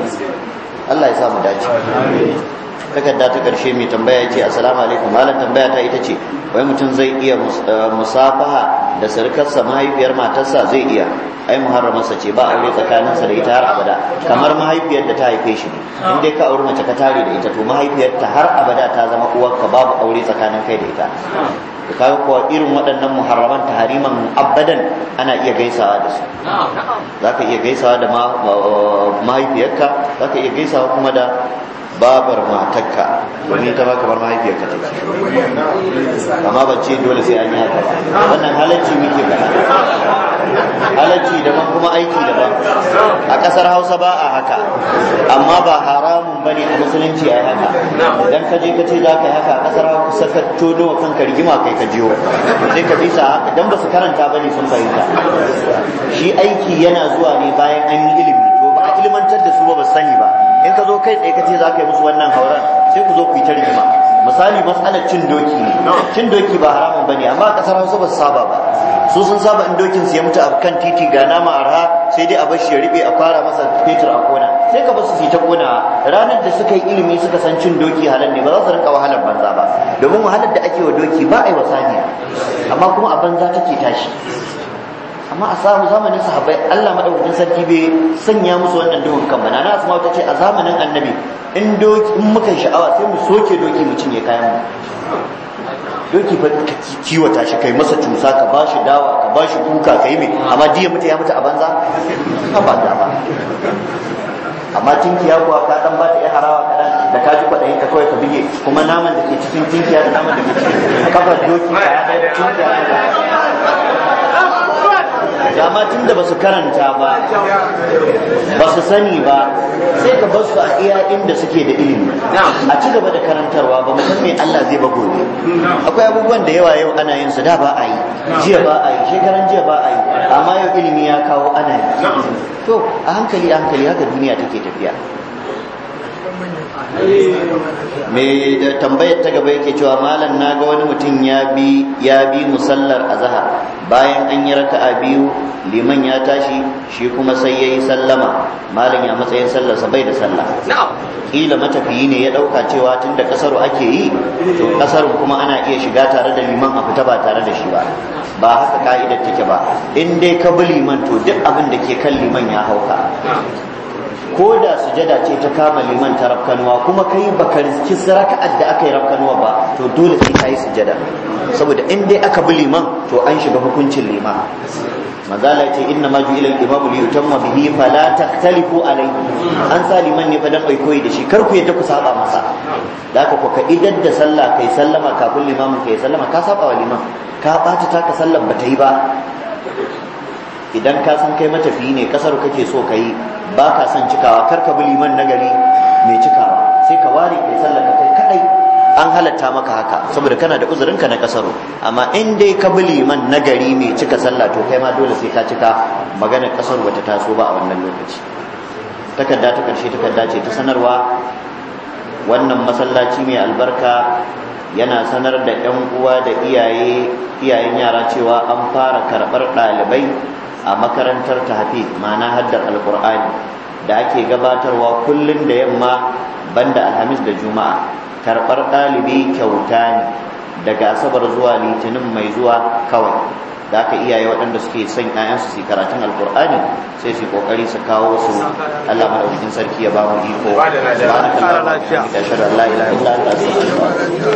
Allah ya sa mu dace amin takarda ta karshe mai tambaya ce assalamu alaikum malam tambaya ta ita ce wai mutum zai iya eh, musafaha da sarkarsa mahaifiyar matarsa zai iya ai muharramarsa ce ba aure tsakaninsa da ita har abada kamar mahaifiyar da ta haife shi ne ah. in dai ka aure mace ka tare da ita to mahaifiyar ta har abada ta zama ka babu aure tsakanin kai da ita da ah. kaga kuwa irin waɗannan muharraman hariman abadan ana iya gaisawa da su ah. za ka iya gaisawa da mahaifiyarka za ka iya gaisawa kuma da babar matakka domin ta ba kamar mahaifiyarka take amma ba ce dole sai an yi haka wannan halacci muke ba halacci daban kuma aiki daban a ƙasar hausa ba a haka amma ba haramun bane a musulunci a haka idan ka je ka ce za ka yi haka a ƙasar hausa ka tono kanka rigima kai ka jiyo sai ka bisa haka dan ba su karanta bane sun fahimta shi aiki yana zuwa ne bayan an yi ilimi to ba a ilimantar da su ba ba sani ba in ka zo kai tsaye ka ce za ka yi musu wannan hauren sai ku zo ku yi ta rigima misali matsalar cin doki ne cin doki ba haramun bane amma a kasar hausa ba su saba ba su sun saba in dokin su ya mutu a kan titi ga nama arha sai dai a bar shi ya riɓe a fara masa fetur a kona sai ka basu su ta kona ranar da suka yi ilimi suka san cin doki halal ne ba za su rinka wahalar banza ba domin wahalar da ake wa doki ba a yi wa amma kuma a banza take tashi amma a samu zamanin sahabbai Allah madaukakin sarki bai sanya musu wannan duhun kan ba na asma ta ce a zamanin annabi in doki in muka sha'awa sai mu soke doki mu cinye kayan mu doki fa ka kiwata shi kai masa cusa ka bashi dawa ka bashi kuka kai me amma diya mutai ya mutu a banza ka ba da ba amma tinkiya kuwa ka dan ba ta ya harawa dan da ka ji kwaɗayi ka kawai ka bige kuma naman da ke cikin tinkiya da naman da ke cikin kafar doki ka ya da tinkiya dama tun da ba su karanta ba ba su sani ba sai ka ba su a iya inda suke da ilimi a ci gaba da karantarwa ba san me Allah zai ba gobe akwai abubuwan da yawa yau ana yin su da ba a yi jiya ba a yi shekaran jiya ba a yi amma yau ilimi ya kawo ana yi to a hankali a hankali haka duniya take tafiya me da tambayar ta gaba yake cewa malam na ga wani mutum ya bi ya bi musallar azhar bayan an yi raka'a biyu liman ya tashi shi kuma sai yayi sallama malam ya matsayin sallar sa bai da sallah kila matafiyi ne ya dauka cewa tunda kasaru ake yi to kasaru kuma ana iya shiga tare da liman a fita ba tare da shi ba ba haka ka'idar take ba in dai ka bi liman to duk abin da ke kan liman ya hauka ko da sujada ce ta kama liman ta rafkanuwa kuma kai baka riski raka'ar da aka yi rafkanuwa ba to dole sai ka yi sujada saboda in dai aka bi liman to an shiga hukuncin liman mazala ce inna ma ju'ila al imamu li yutamma bihi fala taktalifu alayhi an sa liman ne fa dan bai koyi da shi kar ku yadda ku saba masa da haka ku ka idan da sallah kai sallama kafin limamin kai sallama ka saba wa liman ka bata taka sallan ba ta yi ba idan ka san kai matafi ne kasar kake so ka yi ba ka son cikawa kar ka bi liman nagari mai cikawa sai ka ware kai sallar ka kai kadai an halatta maka haka saboda kana da uzurinka na kasaro amma in dai ka bi liman nagari mai cika sallah to kai ma dole sai ka cika maganar kasar bata taso ba a wannan lokaci takarda ta karshe takarda ce ta sanarwa wannan masallaci mai albarka yana sanar da 'yan uwa da iyaye iyayen yara cewa an fara karɓar ɗalibai a makarantar tahfiz ma'ana haddar alqur'ani da ake gabatarwa kullum da yamma banda alhamis da juma'a karbar dalibi kyauta ne daga asabar zuwa litinin mai zuwa kawai da aka iyaye waɗanda suke son ƴaƴansu su karatun alqur'ani sai su ƙoƙari su kawo su Allah madaukakin sarki ya ba mu iko subhanallahi la ilaha illa anta